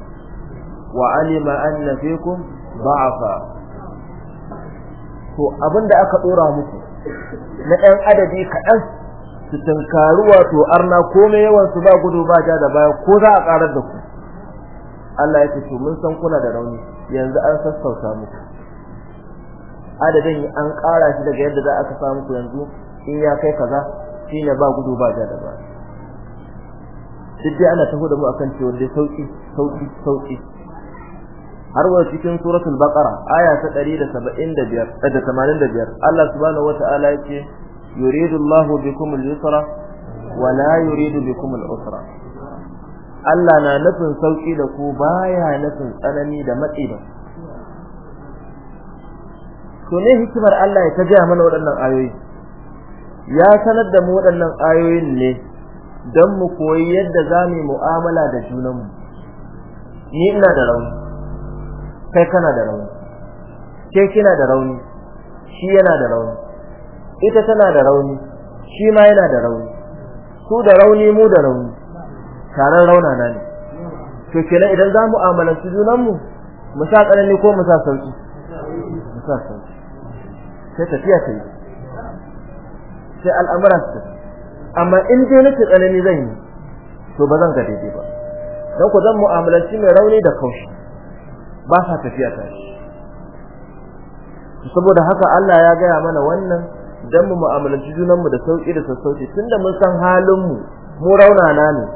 [SPEAKER 2] wa alima anna fikum da'afa to abinda aka dora muku na dan adadi kaɗan su tunkaruwa to arna komai yawan su ba gudu ba ja da baya ko za a ƙarar da ku Allah ya ce to mun san kuna da rauni yanzu an sassauta muku adadin an ƙara shi daga yadda za a ka samu yanzu in ya kai kaza shine ba gudu ba ja da ba duk dai ana taho da mu akan cewa dai sauki sauki sauki har wa cikin suratul baqara aya ta 175 da 85 eh, Allah subhanahu wataala yake yuridu Allahu bikum al-yusra wa la yuridu bikum al-usra Allah na nufin sauki da ku baya nufin tsanani da matsi ba to ne hikimar Allah ya ta mana waɗannan ayoyi ya sanar da mu waɗannan ayoyin ne don mu koyi yadda za mu mu'amala da junanmu ni ina da rauni kai kana da rauni ke kina da rauni shi yana da rauni ita tana da rauni shi ma yana da rauni su da rauni mu da rauni taron raunana ne to kenan idan za mu amalanci junanmu mu sa tsanani ko mu sa sauki mu sa sauki sai tafiya ta yi sai al'amura su amma in dai na ce tsanani zan yi to ba zan ga daidai ba don ku zan mu'amalanci mai rauni da kaushi ba sa tafiya ta shi saboda haka Allah ya gaya mana wannan dan mu mu'amalanci junanmu da sauki da sassauci tunda mun san halin mu mu raunana ne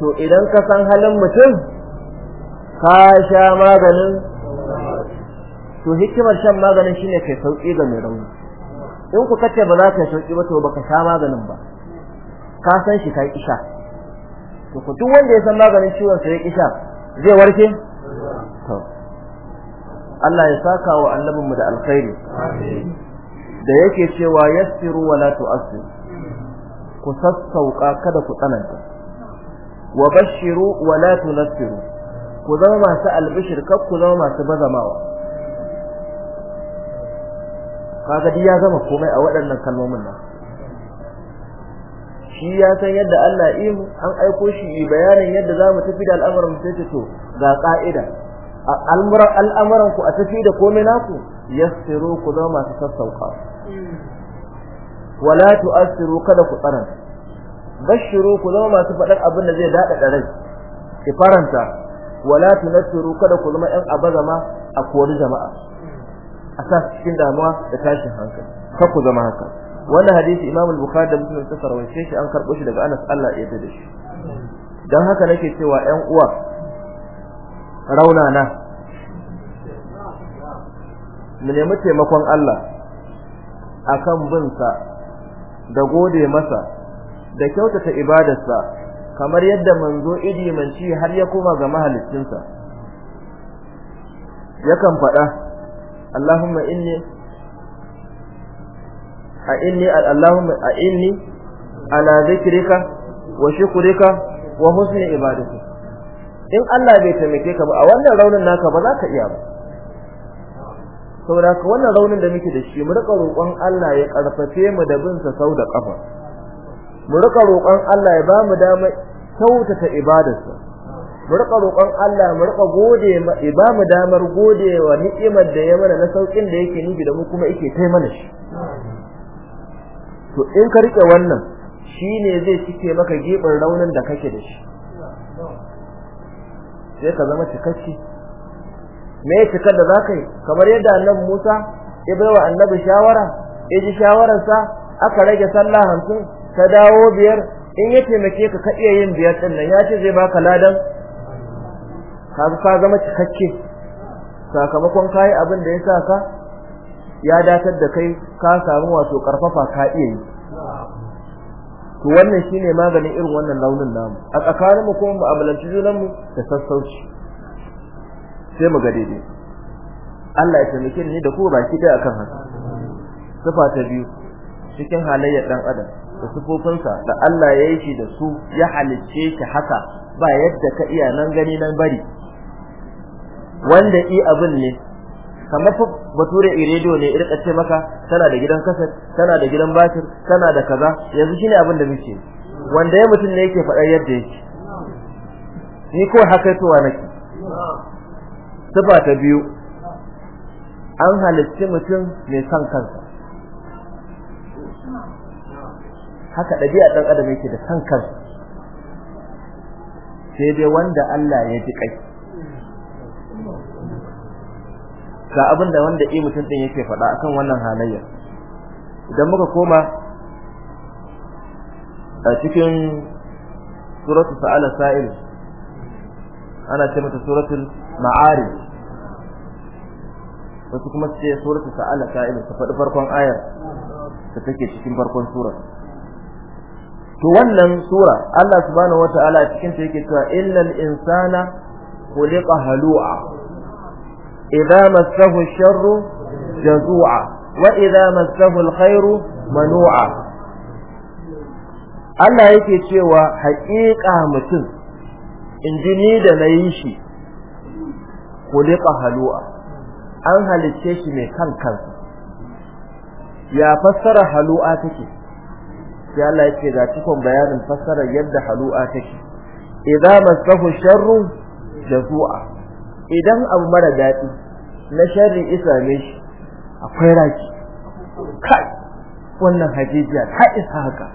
[SPEAKER 2] to idan ka san halin mutum ka sha maganin to hikimar shan maganin shine kai sauki ga mai rauni in ku kace ba za ka sauki ba to baka sha maganin ba ka san shi kai isha to ku duk wanda ya san maganin ciwon sai ya isha zai warke to Allah ya saka wa mu da alkhairi amin da yake cewa yassiru wala tu'assir ku sassauka kada ku tsananta wa bashiru wa la tunfiru ku zama masu albishir kar ku zama masu bazamawa kaga dai ya gama komai a waɗannan kalmomin nan shi ya san yadda Allah ihu an aiko shi bayanin yadda zamu tafi da al'amuran mu sai to ga ka'ida al'amuran al'amuran ku a tafi da komai naku yassiru ku zama masu sassauka hmm. wala tu'assiru kada ku tsananta bashiru ku zama masu faɗar abin da zai daɗa rai ki faranta wala tunasiru kada ku zama ƴan abazama a kori jama'a a sa cikin damuwa da tashin hankali kar ku zama haka wannan hadisi Imam al-Bukhari da Muslim suka rawaye shi an karɓo shi daga Anas Allah ya yarda da shi dan haka nake cewa 'yan uwa raunana mu nemi taimakon Allah akan bin sa da gode masa da kyautata ibadarsa kamar yadda manzo idi manci har ya koma ga mahaliccinsa yakan faɗa Allahumma inni a inni Allahumma a inni ala zikrika wa shukrika wa husni ibadati in Allah bai taimake ka ba a wannan raunin naka ba za ka iya ba saboda ka wannan raunin da muke da shi mu riƙa roƙon Allah ya ƙarfafe mu da bin sa sau da ƙafa. mu rika roƙon Allah ya bamu dama kyautata ibadarsa mu rika roƙon Allah mu rika gode damar gode wa ni'imar da ya mana na saukin da yake nufi da mu kuma yake kai mana shi to in ka rike wannan shine zai cike maka gibin raunin da kake da shi sai ka zama cikakke me ya cikar da zaka yi kamar yadda annabi Musa ya bai wa annabi shawara ya ji shawararsa aka rage sallah hamsin ka dawo biyar in ya taimake ka ka iya yin biyar din nan ya ce zai baka ladan ka zama cikakke sakamakon kayi abin da ya sa ka ya datar da kai ka samu wato karfafa ka iya yi to wannan shine maganin irin wannan launin namu a tsakanin mu kuma mu'amalanci junan mu da sassauci sai mu ga daidai Allah ya taimake ni da ku baki da akan haka sifa ta biyu cikin halayyar ɗan adam da sifofinsa da Allah ya yi shi da su ya halicce shi haka ba yadda ka iya nan gani nan bari wanda i abin ne kamar fa bature iredo ne irka ce maka tana da gidan kasar tana da gidan batir tana da kaza yanzu shine abin da muke wanda ya mutum ne yake faɗa yadda yake ni kawai haka towa nake sifa ta biyu an halitti mutum mai son kansa haka ɗabi'a ɗan adam yake da san kansa sai dai wanda Allah ya ji kai ga abin da wanda i mutum ɗin yake faɗa akan wannan halayya idan muka koma a cikin suratul sa'ala sa'il ana ce mata suratul ma'arij wasu kuma su suratul suratu sa'ala sa'il ta faɗi farkon ayar da take cikin farkon surar to wannan sura Allah subhanahu wataala cikin ta yake cewa innal insana khuliqa halu'a idza massahu sharru jazu'a wa idza massahu alkhairu manu'a Allah yake cewa haƙiƙa mutum injini da nayi shi khuliqa halu'a an halicce shi mai kan kansa ya fassara halu'a take sai Allah yake ga cikon bayanin fassarar yadda halu'a take idza masahu sharru jazua idan abu mara dadi na sharri isa ne shi akwai raki kai wannan hajijiya ta isa haka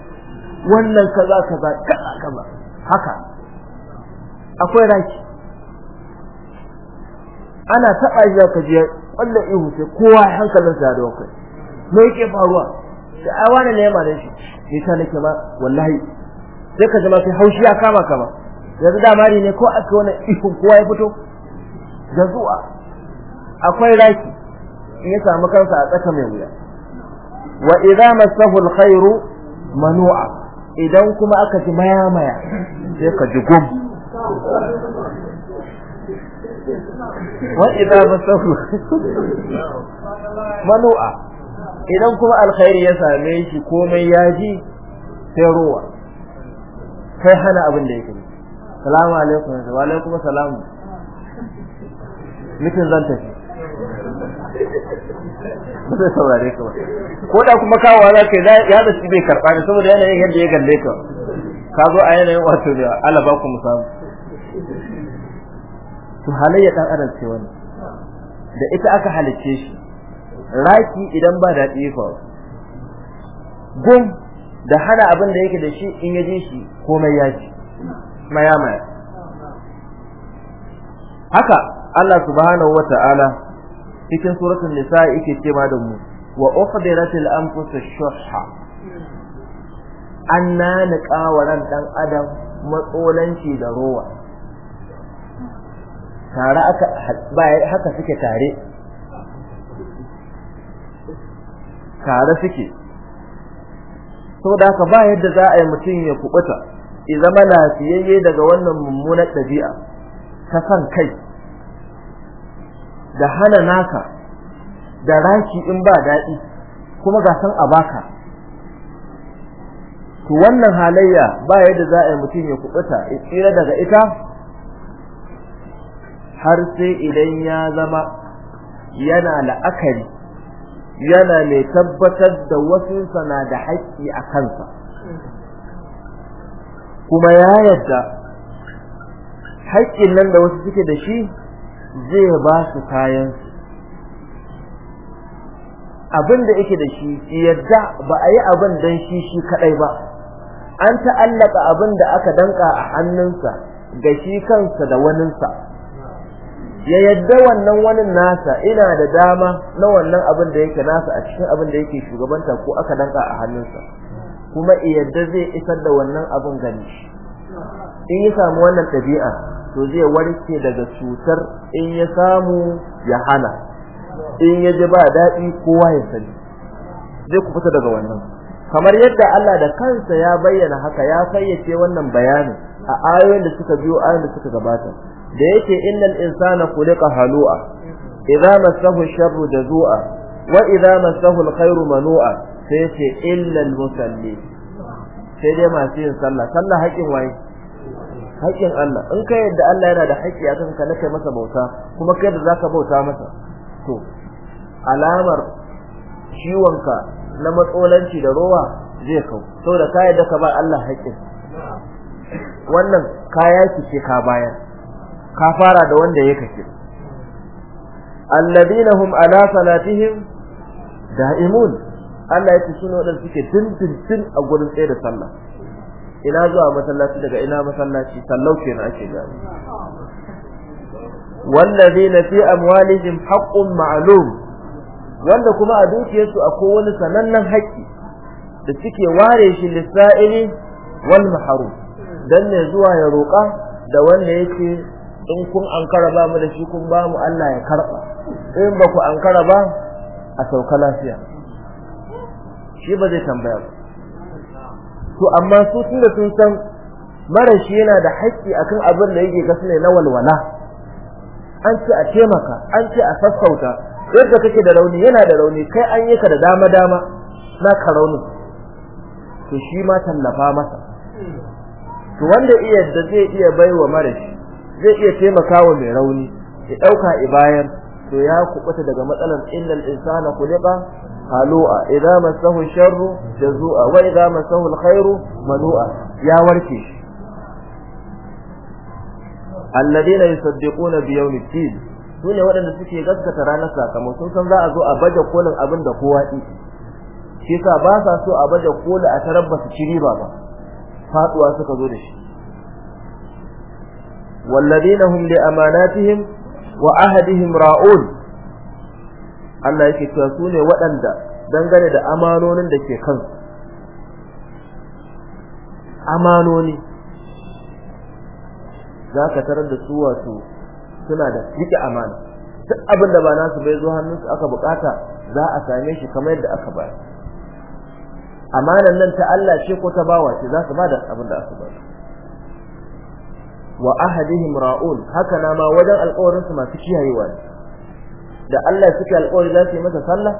[SPEAKER 2] wannan kaza kaza kaza kaza haka akwai raki ana taɓa ajiya ka wallahi hu sai kowa hankalin da wakai me yake faruwa da ai wani ne ma shi ne ta nake ma wallahi sai ka zama sai haushi ya kama kama yanzu da mari ne ko aka wani ikon kowa ya fito da zuwa akwai raki in ya samu kansa a tsaka mai wuya wa idza masahu alkhairu manu'a idan kuma aka ji maya maya sai ka ji gum
[SPEAKER 3] wa idza masahu
[SPEAKER 2] <laughs> manu'a idan kuma alkhairi ya same shi komai ya ji sai ruwa. kai hana abin da yake salamu alaikum wa alaikum salam mutum zan tafi
[SPEAKER 3] sai saurare
[SPEAKER 2] ka ba ko da kuma kawo za ka ya da shi bai karɓa ne saboda yanayin yadda ya galle ka ka zo a yanayin wato da Allah ba ku musamu to halayya dan adam ce wani da ita aka halicce shi raki idan ba da ya gum da hana abin da yake da shi in ya ji shi komai ya ji maya maya haka Allah subhanahu wa ta'ala cikin suratul nisa yake cewa da mu wa uqdiratil anfus shuhha anna naqawaran dan adam matsolanci da rowa tare aka haka suke tare tare suke saboda haka ba yadda za a yi mutum ya kubuta ya zama lafiyayye daga wannan mummunar ɗabi'a ta san kai da hana naka da raki in ba daɗi kuma ga san a baka to wannan halayya ba yadda za a yi mutum ya kubuta ya tsira daga ita har sai idan ya zama yana la'akari yana mai tabbatar da wasu sana da haƙƙi a kansa kuma ya yadda haƙƙin nan da wasu suke da shi zai ba su kayan abin da yake da shi yadda ba a yi abin don shi shi kaɗai ba an ta'allaka abin da aka danka a hannunsa ga shi kansa da waninsa ya yadda wannan wani nasa ina da dama na wannan abin da yake nasa a cikin abin da yake shugabanta ko aka danka a hannunsa kuma yadda zai isar da wannan abin gani in ya samu wannan ɗabi'a to zai warke daga cutar in ya samu ya hana in ya ji ba daɗi kowa ya sani zai ku fita daga wannan kamar yadda Allah da kansa ya bayyana haka ya fayyace wannan bayanin a ayoyin da suka biyo ayoyin da suka gabata da yake innal insana khuliqa halu'a idza massahu sharru jazua wa idza massahu alkhairu manu'a sai yake illa almusalli sai dai masu yin sallah sallah haƙin waye haƙin Allah in ka yadda Allah yana da haƙi a kanka na kai masa bauta kuma kai da zaka bauta masa to alamar ciwonka na matsolanci da rowa zai kau saboda ka yadda ka ba Allah haƙin wannan kaya ki ce ka bayar ka fara da wanda ya kake alladina hum ala salatihim da'imun Allah ya tsune wadanda suke dindindin a gurin tsaye da sallah ina zuwa masallaci daga ina masallaci sallau na ake gani wallazina fi amwalihim haqqun ma'lum wanda kuma a dukiyarsu akwai wani sanannen haƙƙi da suke ware shi lissa'ili wal mahrum dan ne zuwa ya roƙa da wanda yake in kun ankara ba mu da shi kun ba mu Allah ya karba in ba ku ankara ba a sauka lafiya shi ba zai tambaya ba to amma su da sun san marashi yana da haƙƙi akan abin da yake gasu ne na walwala an ce a taimaka an ce a sassauta yadda kake da rauni yana da rauni kai an yi ka da dama dama na ka rauni to shi ma tallafa masa to wanda iya da zai iya baiwa marashi zai iya taimakawa mai rauni ya dauka ibayar to ya kubuta daga matsalar innal insana khuliqa halu'a idza masahu sharru jazua wa idza masahu alkhairu malu'a ya warke alladheena yusaddiquna bi yawmid din sune waɗanda suke gaskata ranar sakamakon, sun san za a zo a baje kolin abin da kowa yi shi ba sa so a baje koli a tarabba su kiri ba ba faduwa suka zo da shi والذين هم لأماناتهم وعهدهم راؤون Allah yake cewa su ne waɗanda dangane da amanonin da ke kansu amanoni za ka tarar da su wato suna da rike amana duk abin da ba nasu bai zo hannunsu aka bukata za a same shi kamar yadda aka bayar amanan nan ta Allah ce ko ta bawa ce za su ba da abin da aka bayar wa ahadihim ra'un haka na ma wajen alƙawarin su masu kiyayewa da Allah suka alƙawari za su yi masa sallah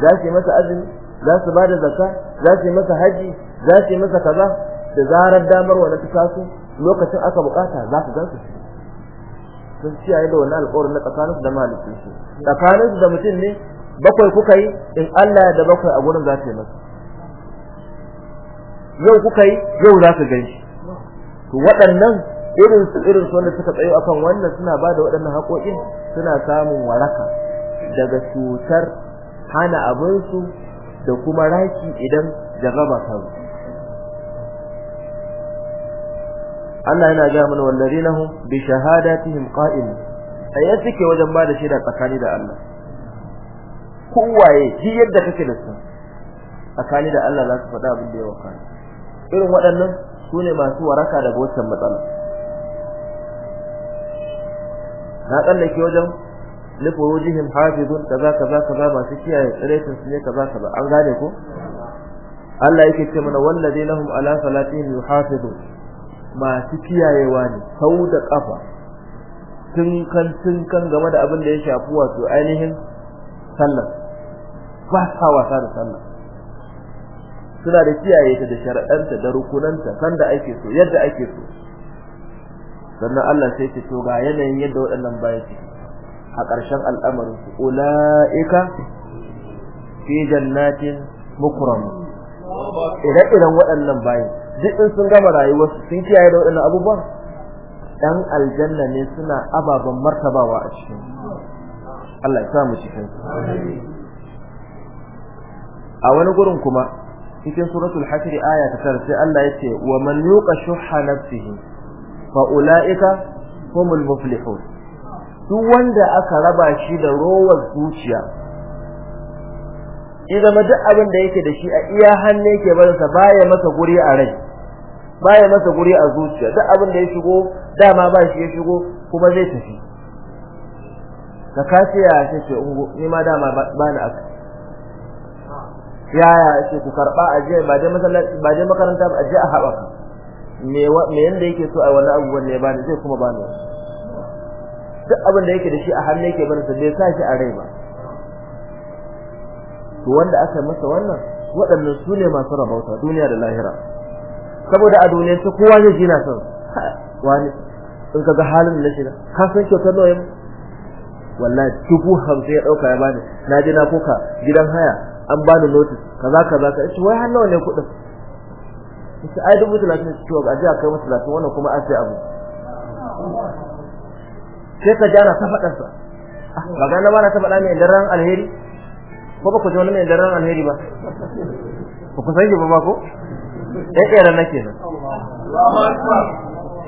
[SPEAKER 2] za su yi masa azumi za su bada zakka za su yi masa haji za su yi masa kaza da zarar damar wani ta taso lokacin aka bukata za su gansu sun kiyaye da wannan alƙawarin na su da mahalicin su tsakaninsu da mutum ne bakwai kuka yi in Allah ya da bakwai a gurin za su yi masa yau kuka yi yau za su gan shi to waɗannan irin su irin su wanda suka tsayo akan wannan suna ba da waɗannan haƙoƙin suna samun waraka daga cutar hana su, da kuma raki idan jarraba ta zo Allah yana ga mana wallazina hum bi shahadatihim qa'im ayati ke wajen ba da tsakani da Allah kowaye shi yadda kake da su tsakani da Allah za su faɗa abin da ya waka. irin waɗannan sune masu waraka daga wancan matsala na tsallake wajen lifu wujihim hafizun kaza kaza kaza masu kiyaye tsiraitin su ne kaza kaza an gane ko Allah yake ce mana wallazi lahum ala salatihim yuhafizun masu kiyayewa ne sau da kafa tun kan game da abin da ya shafi wato ainihin sallah ba sa wasa da sallah suna da kiyaye ta da shari'anta da rukunanta sanda ake so yadda ake so sannan Allah sai ce to ga yanayin yadda waɗannan bayan su a ƙarshen al'amarin su ulaika fi jannatin mukram ire-iren waɗannan bayan duk in sun gama rayuwar su sun kiyaye da waɗannan abubuwan dan aljanna ne suna ababen martabawa a cikin Allah ya sa mu cikin a wani gurin kuma cikin suratul hasr aya ta 9 sai Allah yace wa man yuqa shuhha nafsihi fa ulaika humul muflihun duk wanda aka raba shi da rowar zuciya idan ma duk abin da yake da shi a iya hannu yake barinsa baya masa guri a rai baya masa guri a zuciya duk abin da ya shigo dama ba shi ya shigo kuma zai tafi da kasiya ya ce ungo ni ma dama ba ni aka yaya ce ku karba aje ba dai masallaci ba dai makaranta ba aje a haɓaka me yanda yake so a wani abubuwan ne ya bani zai kuma bani duk abin da yake da shi a hannu yake bane su bai sa shi a rai ba to wanda aka masa wannan waɗannan su ne masu rabauta duniya da lahira saboda a duniya su kowa ne jina son wani in ka ga halin da shi ka san kyautar nawa wallahi dubu hamsin ya ɗauka ya bani na je na kuka gidan haya an bani notice kaza kaza ka ce wai hannu ne kuɗin sai ai dubu talatin ciwo ga ajiya kai 30 wannan kuma an sai abu sai ka jana ta faɗar sa magana ah, ba na ta ne da ran alheri ko ba ku ji wani da ran alheri ba ko ku sai ba ba ma ko ɗaya ɗaya nake kenan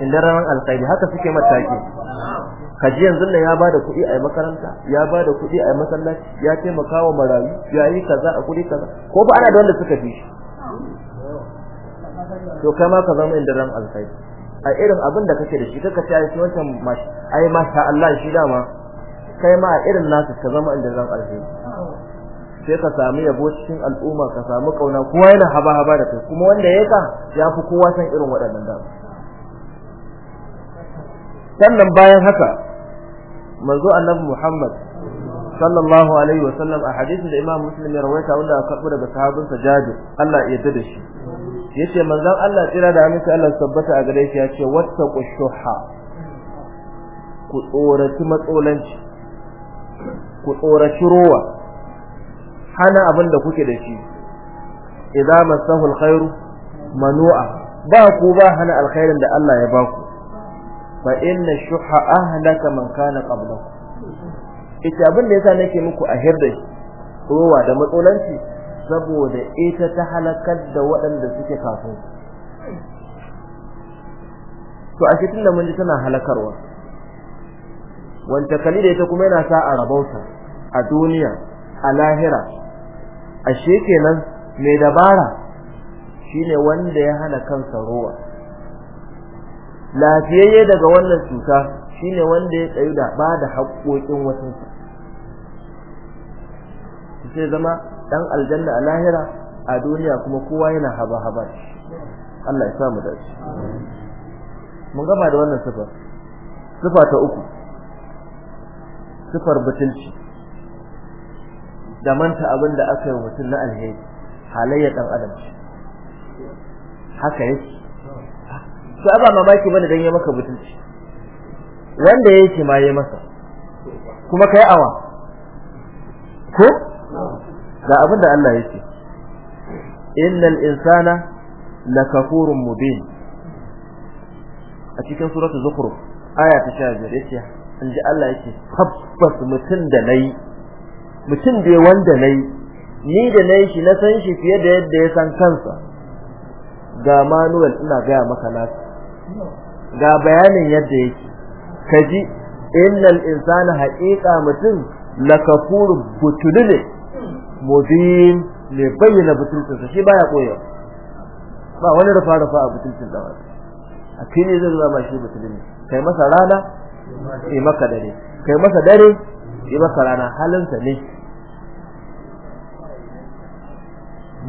[SPEAKER 2] in ran alkhairi haka suke mataki kaji yanzu nan ya bada kuɗi a makaranta ya bada kuɗi a masallaci ya taimaka wa marayu ya yi kaza a kuɗi kaza ko ba ana da wanda suka fi shi to kai ma ka zama inda ran alkhairi a irin abin da kake da shi kaka ce wannan mashi ai sha Allah shi dama kai ma a irin nasu ka zama inda ran alkhairi sai ka samu yabo cikin al'umma ka samu kauna kowa yana haba haba da kai kuma wanda ya ka ya kowa san irin waɗannan da sannan bayan haka manzo annabi Muhammad sallallahu alaihi wa sallam a hadisin da Imam Muslim ya rawaita wanda aka karbo daga sahabinsa Jabir Allah ya yarda da shi yace manzon Allah tsira da amince Allah tabbata a gare shi yace wattaqu shuha ku tsoraci matsolanci ku tsoraci rowa hana abin da kuke da shi idza masahu alkhairu manu'a ba ku ba hana alkhairin da Allah ya baku fa inna shuha ahlaka man kana qablakum ita abin da yasa nake muku a hirda shi rowa da matsalanci saboda ita ta halakar da waɗanda suke kafin to a cikin da mun ji tana halakarwa wanda kali da ita kuma yana sa a rabauta a duniya a lahira ashe kenan mai dabara shine wanda ya hana kansa ruwa. lafiyayye daga wannan cuta shine wanda ya tsayu da ba da haƙoƙin wasu sai zama dan aljanna a lahira a duniya kuma kowa yana haba haba Allah ya samu da shi mun gaba da wannan sifa sifa ta uku sifar butulci da manta abin da aka yi mutum na alheri halayya dan adam haka yake sai ba baki bane dan ya maka butulci wanda yake ma yayi masa kuma kai awa ko ga abinda Allah yake innal insana lakafurun mubin a cikin suratu zukhruf aya ta 15 yace inji Allah yake tabbas mutun da nayi mutun da wanda nayi ni da nayi shi na san shi fiye da yadda ya san kansa ga manual ina ga maka nasu ga bayanin yadda yake kaji innal insana haqiqa mutun lakafurun butulule mubin ne bayyana butulcin sa shi baya koyo ba wani rafa rafa a butulcin da wani a fili zai zama shi butulmi kai masa rana yi maka dare kai masa dare yi maka rana halinsa ne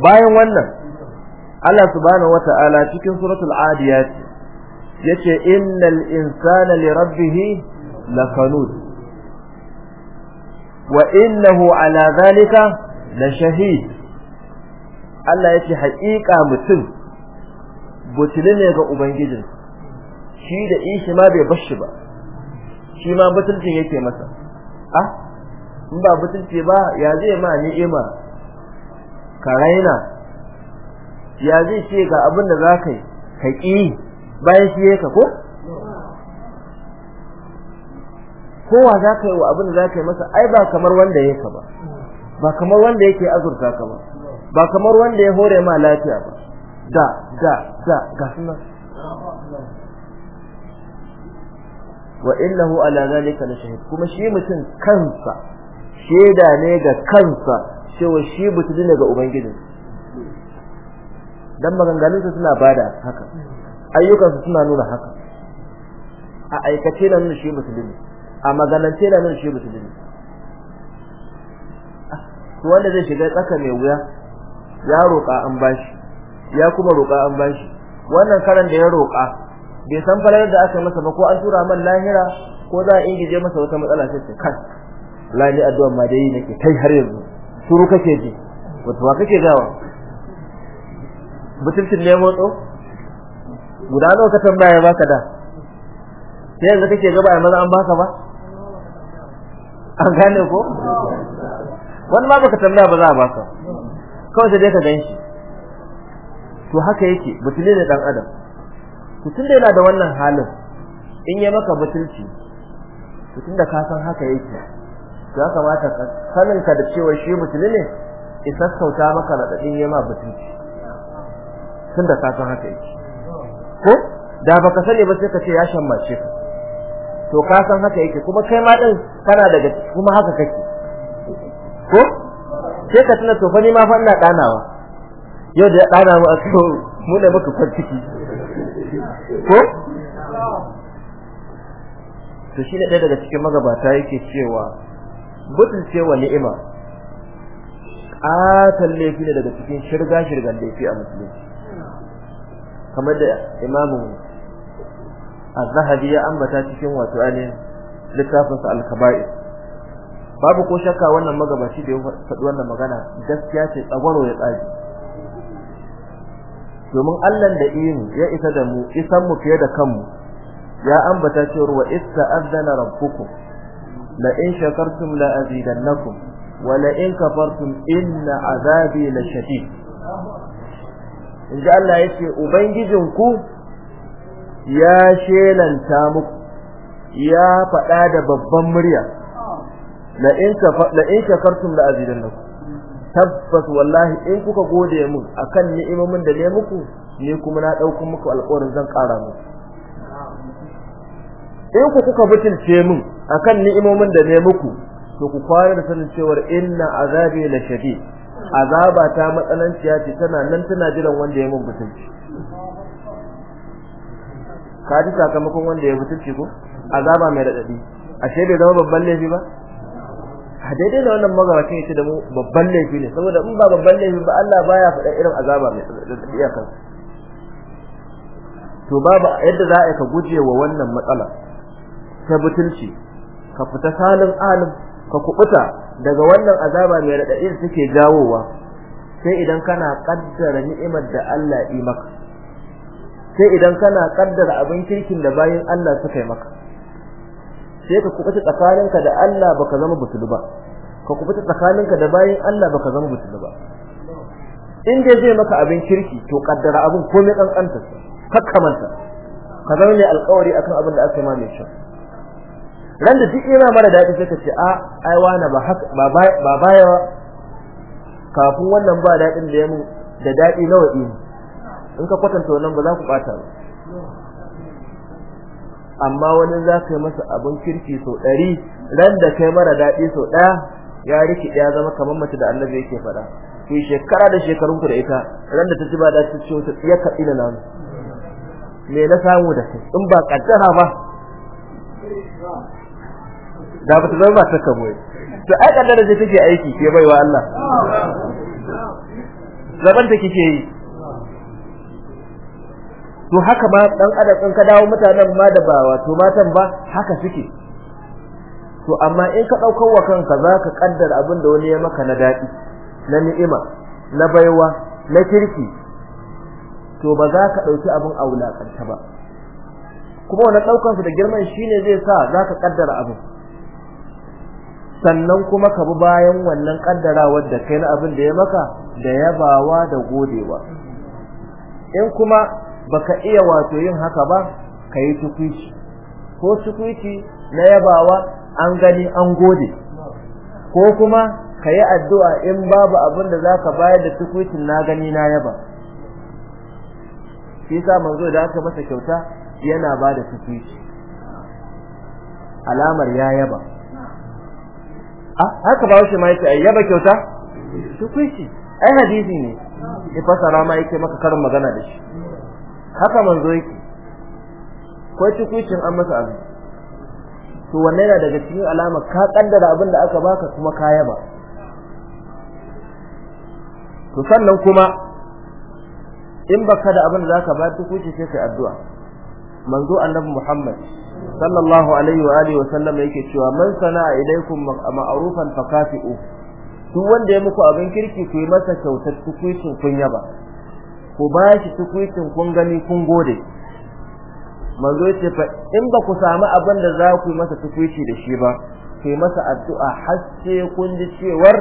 [SPEAKER 2] bayan wannan Allah subhanahu wata'ala cikin suratul adiyat yace innal insana li rabbih lakanud wa innahu ala dhalika da shahid Allah yace haƙiƙa mutum butuli ne ga ubangijin shi da ishi ma bai bashi ba shi ma butulcin yake masa ah in ba butulci ba ya zai ma ni'ima ka raina ya zai ce ga abin da za ka yi ka ƙi bayan shi ya ka ko kowa za ka yi wa abin da za ka yi masa ai ba kamar wanda ya ka ba ba kamar wanda yake azurta ka ba ba kamar wanda ya hore ma lafiya ba da da da ga sunan wa innahu ala zalika la shahid kuma shi mutum kansa sheda ne ga kansa cewa shi butu ne ga ubangiji dan maganganunsa suna bada haka ayyukansa suna nuna haka a aikace na nuna shi mutu ne a maganance na nuna shi mutu ne to wanda zai shiga tsaka mai wuya ya roƙa an bashi ya kuma roƙa an bashi wannan karan da ya roƙa bai san farar da aka masa ba ko an tura man lahira ko za a ingije masa wata matsala sai ce kan lani addu'a ma dai nake kai har yanzu suru kake ji wato wa kake gawa mutuncin ne tso guda nawa ka tambaya baka da sai yanzu kake gaba maza an baka ba an gane ko wani ma baka tambaya ba za a baka kawai sai dai ka ganshi to haka yake butuli ne dan adam to da yana da wannan halin in ya maka butulci to tun da ka san haka yake ya kamata ka sanin ka da cewa shi butuli ne ya sassauta maka ya dadin yema butulci da ka san haka yake ko da baka sani ba sai ka ce ya mace ka to ka san haka yake kuma kai ma din kana daga kuma haka kake ko sai ka tuna to fa ni ma fa ina danawa yau da dana mu aka mu ne muka farciki ko to shi ne ɗaya daga cikin magabata yake cewa butul cewa ni'ima talle laifi ne daga cikin shirga shirgan laifi a musulunci kamar da imamu az-zahabi ya ambata cikin wato ainihin sa al-kaba'ir babu ko shakka wannan magabaci da ya faɗi wannan magana gaskiya ce tsagwaro ya tsaji domin Allah da iyin ya isa da mu isan mu fiye da kanmu ya ambata cewa wa azana rabbukum la in shakartum la azidannakum wa la in kafartum inna azabi la shadid ji Allah yace ubangijinku ya shelanta muku ya faɗa da babban murya la in la in shakartum la azidannakum tabbas wallahi in kuka gode mun akan ni'imomin da ne muku ni kuma na daukar muku alƙawarin zan ƙara muku in ku kuka butulce mun akan ni'imomin da ne muku to ku fara da sanin cewa inna azabi la shadid azaba ta matsalanciya ce tana nan tana jiran wanda ya mun butulci ka ji sakamakon wanda ya butulci ko azaba mai radadi ashe bai zama babban laifi ba a daidai da wannan magabacin yace da mu babban laifi ne saboda in ba babban laifi ba Allah baya faɗa irin azaba mai tsadadi kansa. to babu yadda za a ka guje wa wannan matsala ta butulci ka fita salin alim ka kubuta daga wannan azaba mai radadi da take jawowa sai idan kana kaddara ni'imar da Allah yi maka sai idan kana kaddara abin kirkin da bayin Allah suka yi maka sai ka kubuta tsakaninka da Allah baka zama ba ka kubuta tsakaninka da bayin Allah baka zama butulu ba in dai zai maka abin kirki to kaddara abin komai kankanta kakka manta ka zama mai alƙawari akan abin da aka yi ma mai shi ran da duk yana mara daɗi sai ka ce a ah, ai wani ba haka ba baya kafin wannan ba daɗin da ya da daɗi nawa in ka kwatanta wannan ba za ku bata ba amma wani za ka yi masa abin kirki sau ɗari ran da kai mara daɗi sau ɗaya ya riki ya zama kamar mace da annabi yake faɗa ku shekara da shekarun ku da ita ran da ta ji ba da ta ci wata ya kaɗi da namu me na samu da kai in ba kaddara ba da ba ta zama ba ta kamo to ai kaddara ce take aiki ke baiwa Allah zaban take kike yi to haka ma dan adam in ka dawo mutanen ma da ba wato matan ba haka suke to amma in ka daukar wa kanka zaka kaddara abin da wani ya maka na dadi na ni'ima na baiwa na kirki to ba za ka dauki abin a wulakanta ba kuma wannan daukar da girman shine zai sa zaka kaddara abin sannan kuma ka bi bayan wannan kaddarawar da kai na abin da ya maka da yabawa da godewa in kuma baka iya wato yin haka ba ka yi tukwici ko tukwici na yabawa an gani an gode ko kuma ka yi addu'a in babu abin da za ka bayar da tukwicin na gani na yaba shi sa manzo da aka masa kyauta yana ba da tukwici alamar ya yaba ah, haka ba shi ma yake ai yaba kyauta tukwici ai hadisi ne ya fasara ma yake maka karin magana da shi haka manzo yake ko cikucin an masa abu to wannan yana daga cikin alama ka kaddara abin da aka baka kuma ka yaba to sannan kuma in baka da abin da zaka ba kuce sai kai addu'a manzo annabi Muhammad sallallahu alaihi wa alihi wa sallam yake cewa man sana'a ilaikum ma'rufan fakafi'u duk wanda ya muku abin kirki ku yi masa kyautar cikucin kun yaba ku ba shi tukwicin kun gani kun gode manzo yace fa in ba ku samu abin da za ku yi masa tukwici da shi ba kai masa addu'a har sai kun ji cewar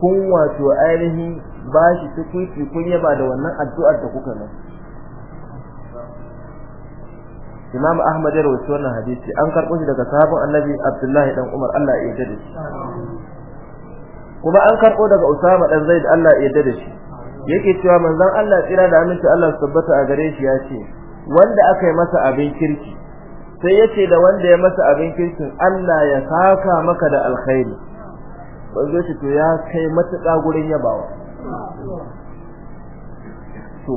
[SPEAKER 2] kun wato ainihin ba shi tukwici kun yaba da wannan addu'ar da kuka nan Imam Ahmad ya rawaito wannan hadisi an karɓo shi daga sahabin Annabi Abdullahi dan Umar Allah ya yarda da shi kuma an karɓo daga Usama dan Zaid Allah ya yarda da shi yake cewa manzon Allah tsira da aminci Allah su tabbata a gare shi ya ce wanda aka yi masa abin kirki sai yace da wanda ya masa abin kirkin Allah ya saka maka da alkhairi wanda shi to ya kai matuƙa gurin yabawa to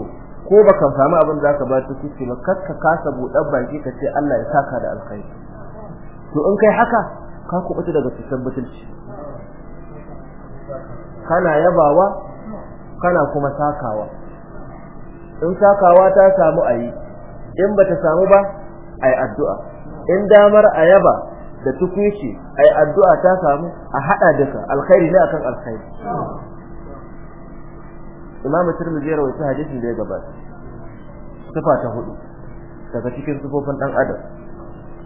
[SPEAKER 2] ko baka samu abin da zaka ba ta kici ba kakka kasa buɗar baki ka ce Allah ya saka da alkhairi to in kai haka ka kuɓuta daga cutar butulci kana yabawa kana kuma sakawa in sakawa ta samu ayi in bata samu ba ayi addu'a in damar ayaba da tukuci ai addu'a ta samu a hada duka alkhairi ne akan alkhairi imam tirmidhi rawaita hadisin da ya gabata sifa ta hudu daga cikin sifofin dan adam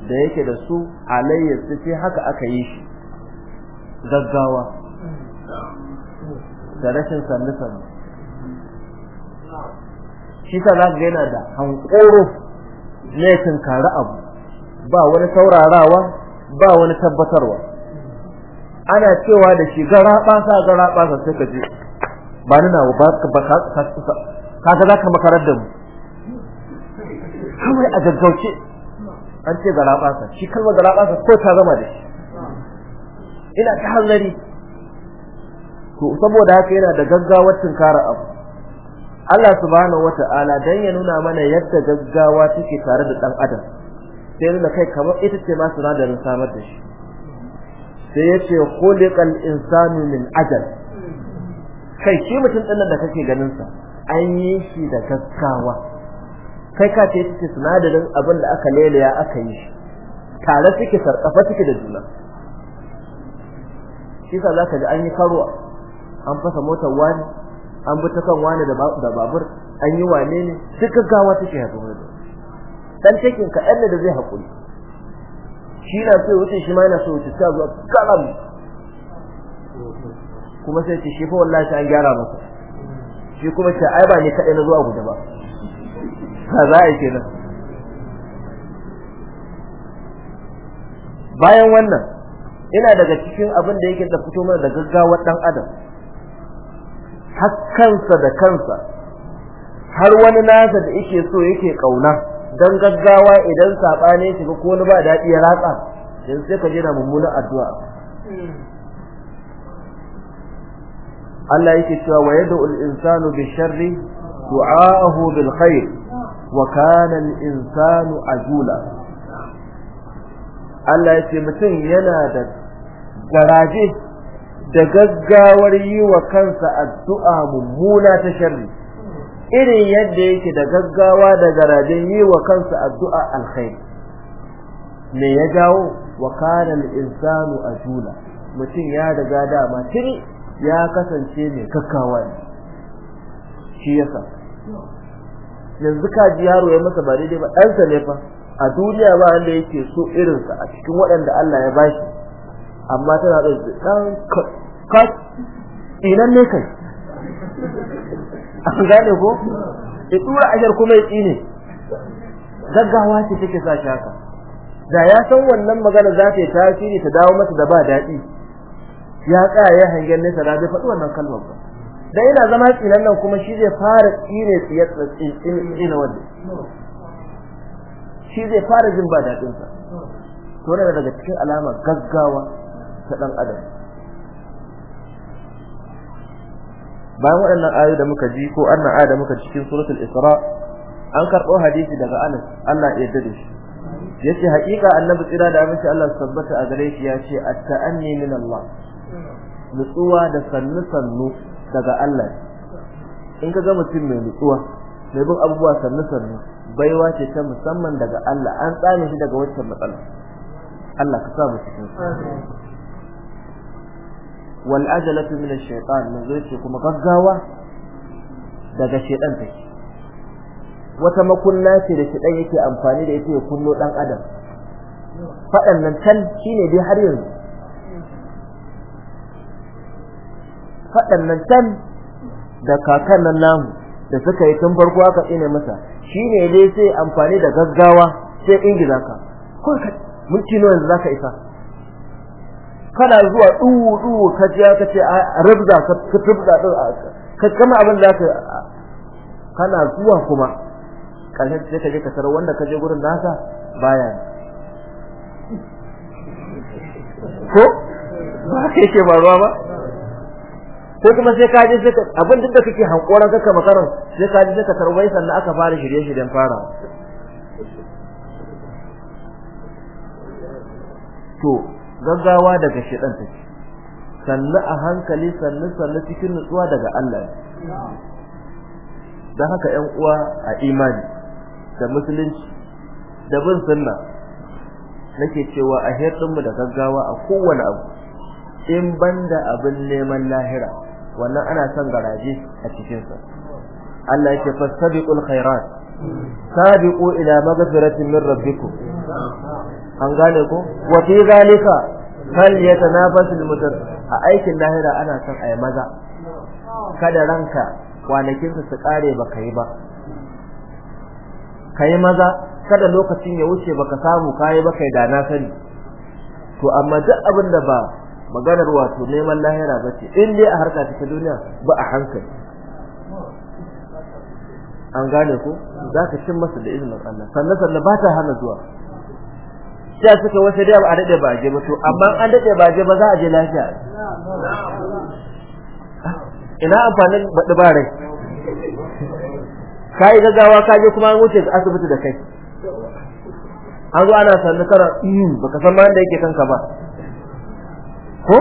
[SPEAKER 2] da yake da su alayyar sai haka aka yi shi gaggawa da rashin sannu sannu shi ta za ga yana da hankoro ne tunkari abu ba wani saurarawa ba wani tabbatarwa ana cewa da shi gara ɓasa gara ɓasa sai ka je ba nuna ba ka ka za ka makarar da mu kawai a gaggauce an ce gara ɓasa shi kalmar gara ɓasa ko ta zama da shi ina ta hanzari to saboda haka yana da gaggawar tunkara abu Allah subhanahu wata'ala dan ya nuna mana yadda gaggawa take tare da dan adam sai ina kai kamar ita ce ma sinadarin samar da shi sai ya ce khuliqal insanu min ajal kai shi mutum din da kake ganin sa an yi shi da gaggawa kai ka ce ita ce sinadarin abin da aka lelaya aka yi shi tare suke sarkafa suke da juna shi sa zaka ji an yi karuwa an fasa motar wani an bi ta kan wani da babur an yi wane ne duk gaggawa take haɗu da dan cikin ka ɗan da zai haƙuri shi na so wuce shi ma yana so wuce ta zuwa kalam kuma sai ce shi fa wallahi an gyara masa shi kuma ce ai ba ni kaɗai na zuwa guda ba ba za a yi kenan bayan wannan ina daga cikin abin da yake da fito mana da gaggawar dan adam har da kansa har wani nasa da yake so yake kauna dan gaggawa idan sabane shi ko wani ba daɗi ya ratsa yanzu sai ka jira na mummunan addu'a Allah yake cewa wa yad'u al-insanu bi sharri du'aahu bil khair wa kana al-insanu ajula Allah yake mutum yana da garaje da gaggawar yi wa kansa addu'a mummuna ta sharri irin yadda yake da gaggawa da garajin yi wa kansa addu'a alkhairi me ya jawo wa kana al-insanu ajula mutum ya daga dama tiri ya kasance mai kakkawa ne shi yasa yanzu kaji yaro ya masa ba daidai ba ɗansa ne fa a duniya ba wanda yake so irinsa a cikin waɗanda Allah ya bashi amma tana da ɗan kas tsinan ne kai
[SPEAKER 3] an gane ko
[SPEAKER 2] ya tura ajar kuma ya tsine gaggawa ce take sa shi haka da ya san wannan magana za ta yi tasiri ta dawo masa da ba daɗi ya tsaya ya hangen nesa da zai faɗi wannan kalmar ba da yana zama tsinan nan kuma shi zai fara tsine tsiye tsine wanda shi zai fara jin ba daɗinsa to daga cikin alama gaggawa ta ɗan adam bayan waɗannan ayoyi da muka ji ko annan aya da muka cikin suratul isra an karɓo hadisi daga Anas Allah ya dade shi yace haƙiƙa annabi tsira da aminci Allah su tabbata a gare shi yace at-ta'anni min Allah nutsuwa da sannu sannu daga Allah in ka ga mutum mai nutsuwa mai bin abubuwa sannu sannu baiwa ce ta musamman daga Allah an tsane shi daga wancan matsala Allah ka sa mu cikin wal ajalatu min ash-shaytan manzo yace kuma gaggawa daga shaytan take wata makunna ce da shaytan yake amfani da ita ya kullo dan adam fadan nan tan shine dai har yanzu fadan nan tan da kakannin nan namu da suka yi tun farko aka tsine masa shine dai sai amfani da gaggawa sai ingiza ka ko mun tino yanzu zaka isa kana zuwa duwu duwu ka ji ka ce a rubuta ka rubda ka kama abin da ka kana zuwa kuma kallar sai ka je ka tarar wanda ka je gurin nasa baya ko ba kai ke faruwa ba ko kuma sai ka je sai ka abin duk da kake hankoran kaka makaran sai ka je ka tarwai sannan aka fara shirye-shiryen fara to gaggawa daga shedan take sannu a hankali sannu sannu cikin nutsuwa daga Allah dan haka ƴan uwa a imani da musulunci da bin sunna nake cewa a mu da gaggawa a kowane abu in banda abin neman lahira wannan ana son garaje a cikin sa Allah yake fasabiqul khairat sabiqu ila maghfiratin min rabbikum an gane ko wa fi zalika fal yatanafasul mutar a aikin lahira ana son ayi maza kada ranka kwanakin su kare baka yi ba kai maza kada lokacin ya wuce baka samu kai ba kai da na sani to amma duk abin da ba maganar wato neman lahira bace in dai a harka ta duniya ba a hankali an gane ko za cin masa da izinin Allah sannan sannan ba ta hana zuwa sai suka wata da a dade baje ba to amma an dade baje ba za a je lafiya ina amfanin baɗi ba rai ka yi gaggawa ka je kuma an wuce asibiti da kai an zo ana sannu kara iyu baka san ma da yake kanka ba ko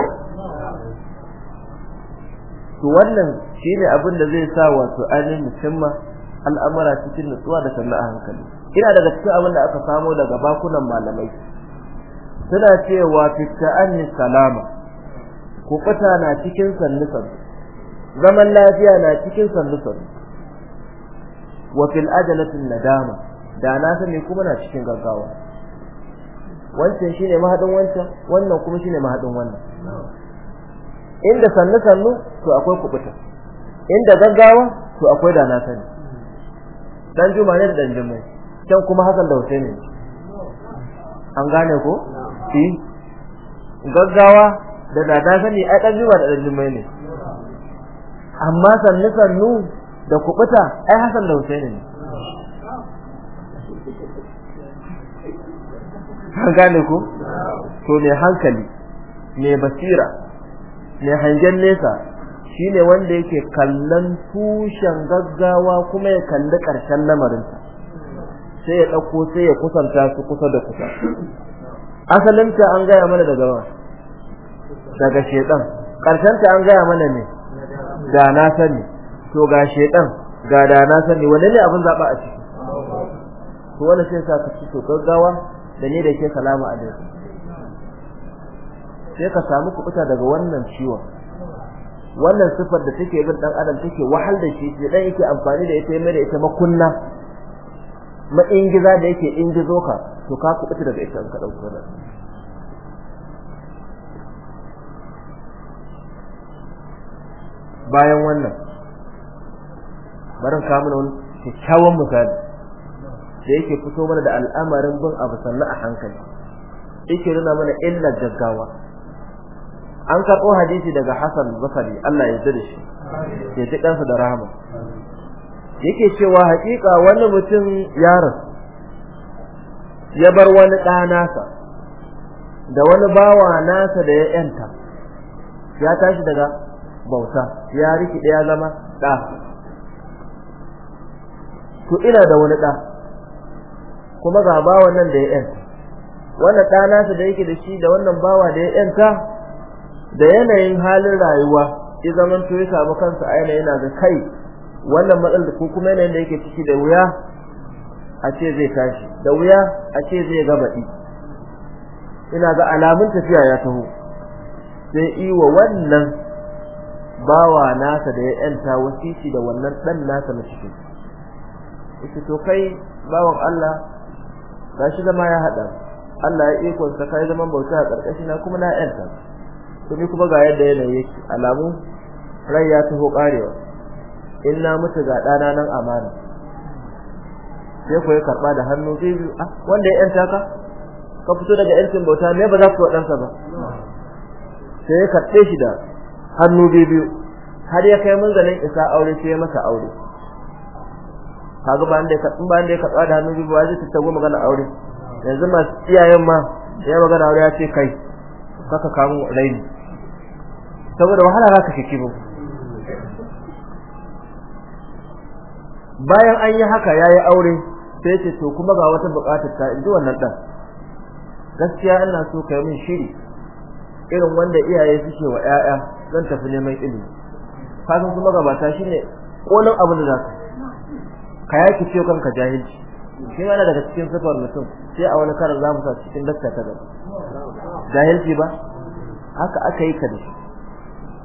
[SPEAKER 2] to wannan shine abin da zai sa wato ainihin musamman al'amura cikin nutsuwa da sannu a hankali ina daga cikin abin da aka samo daga bakunan malamai suna cewa fitta'anni salama Ku kuɓuta na cikin sannusan zaman lafiya na cikin sannusan wa fil ajalati nadama da na sani kuma na cikin gaggawa wancan shine mahadin wancan wannan kuma shine mahadin wannan inda sannu sannu to akwai kubuta inda gaggawa to akwai da na sani dan Juma'a ne da dan juma'a can kuma hakan da Husaini an gane ko shi gaggawa da dada sani ai dan zuwa da dan jimai ne amma sannu sannu da kubuta ai hasan da Husaini ne an gane ko to ne hankali ne basira ne hangen nesa shine wanda yake kallon tushen gaggawa kuma ya kalli ƙarshen lamarinsa sai ya ɗauko sai ya kusanta su kusa da kusa asalinta an gaya mana daga ba daga shedan ƙarshenta an gaya mana ne da na sani to ga shedan ga da na sani wanne ne abin zaɓa a ciki to wani sai sa ka ci to gaggawa da ne da ke salama a dai sai ka samu kuɓuta daga wannan ciwon wannan sifar da take bin dan adam take wahal da shi sai yake amfani da ita mai da ita makunna matsayin giza da yake in gizo ka to ka kuɓuta daga ita ka ɗauki bayan wannan barin kamun wani kyakkyawan misali da yake fito mana da al'amarin bin abu sannu a hankali yake nuna mana illar gaggawa an karɓo hadisi daga Hassan Basri Allah ya yarda da shi ya ji ɗansa da rahama yake cewa haƙiƙa wani mutum yaron ya bar wani ɗa nasa da wani bawa nasa da ya yanta ya tashi daga bauta ya riki ya zama ɗa to ina da wani ɗa kuma ga bawan nan da ya yanta wannan ɗa nasa da yake da shi da wannan bawa da ya yanta da yanayin halin rayuwa ya zamanto ya samu kansa a yanayi na ga kai wannan matsalar ko kuma yanayin da yake ciki da wuya a ce zai tashi da wuya a ce zai gabaɗi ina ga alamun tafiya ya taho sai iwa wannan bawa nasa da ya yanta shi da wannan ɗan nasa na cikin ita to kai bawan Allah shi zama ya haɗa, Allah ya iko sa kai zaman bauta a karkashin na kuma na yanta to ni kuma ga yadda yanayi yake alamu rai ya taho karewa in na mutu ga ɗana nan amana sai ku ya karɓa da hannu zai biyu a ah, wanda ya yanta ka ka fito daga yankin bauta me ba za ku waɗansa ba sai ya karɓe shi da hannu biyu har ya kai munzalin isa aure sai ya masa aure kaga ba da ya karɓa ba da ya karɓa da hannu biyu ba zai tattago magana aure yanzu masu iyayen ma ya magana aure ya ce kai kaka kawo raini saboda wahala za ka shi kibo bayan an yi haka yayi aure sai ce to kuma ga wata bukatar ta inda wannan dan gaskiya ina so ka yi min shiri irin wanda iyaye suke wa ƴaƴa zan tafi neman ilimi kafin kuma ta shine kolin abin da zaka ka yaki ciwo kanka jahilci shi yana daga cikin sifar mutum sai a wani karar zamu sa cikin dakka ta gaba jahilci ba haka aka yi ka da shi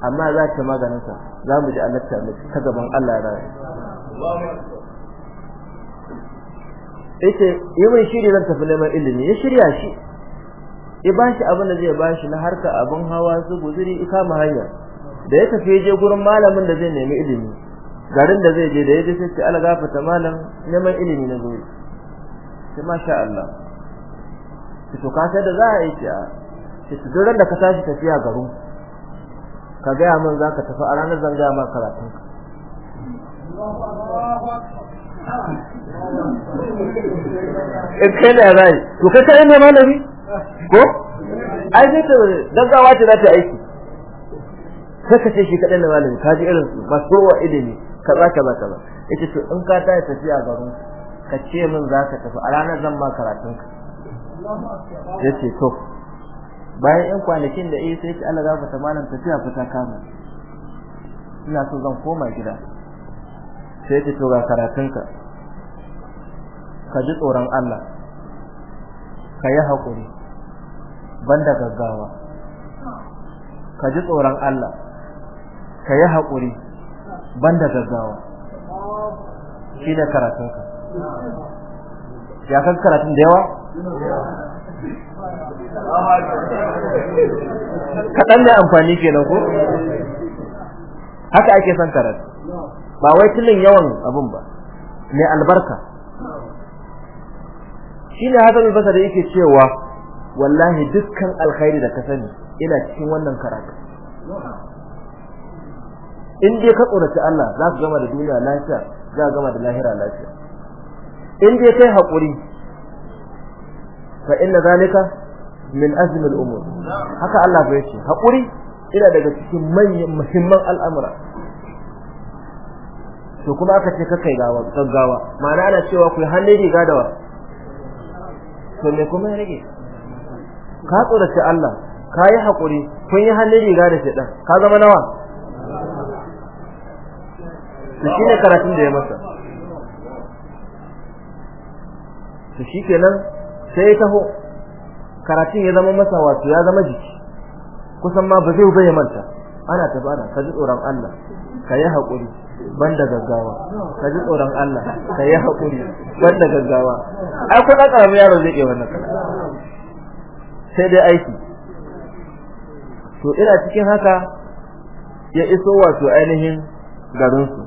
[SPEAKER 2] amma za ta maganin sa zamu ji alatta ta ta gaban Allah ya rayu yace yi mai shiri zan tafi neman ilimi ya shirya shi ya bashi abin da zai bashi na harka abin hawa su guzuri ma hanya da ya tafi je gurin malamin da zai nemi ilimi garin da zai je da ya je sai Allah gafarta malam neman ilimi na gobe sai masha Allah to ka da za a yi ki a ki duran da ka tashi tafiya garin ka ga mun zaka tafi a ranar zan gaya ma karatun ka
[SPEAKER 3] in eh, kai da zai
[SPEAKER 2] to kai kai ne malami ko ai zai sai gaggawa ce za ta aiki sai ka ce shi kaɗan da malami ka ji irin basuwa ilimi za ka kaza Ita ce in ka tayi tafiya garin ka ce min za ka tafi a ranar zan ba karatun
[SPEAKER 3] ka ce
[SPEAKER 2] to bayan ƴan kwanakin da eh sai Allah za ka ta malam tafiya ta kama ina so zan koma gida sai ta tura ga karatunka ka ji tsoron Allah ka yi haƙuri banda gaggawa ka ji tsoron Allah ka yi haƙuri banda gaggawa shi ne karatunka ya kan karatun da yawa
[SPEAKER 3] kaɗan ne amfani kenan ko
[SPEAKER 2] haka ake son karatu ba wai tilin yawan abin ba mai albarka Shi ne shine fasa da yake cewa wallahi dukkan alkhairi da ka sani ina cikin wannan karatu in dai ka tsoraci Allah za ka gama da duniya lafiya za ka gama da lahira lafiya in dai kai hakuri fa inna zalika min azm al haka Allah bai ce hakuri ina daga cikin manyan muhimman al'amura to kuma aka ce kakai gawa gaggawa ma'ana ana cewa ku hannun riga da wa to me kuma ya rage ka tsorace Allah ka yi hakuri kun yi hannun riga da dan ka zama nawa to shi ne karatun da ya masa to shi kenan sai ta taho karatun ya zama masa wato ya zama jiki kusan ma ba zai bayyana manta ana tafi ka ji tsoron Allah ka yi banda gaggawa ka ji tsoron Allah ka yi haƙuri banda gaggawa ai ko karamin yaro zai iya wannan sai dai aiki to ina cikin haka ya iso wato ainihin garinsu.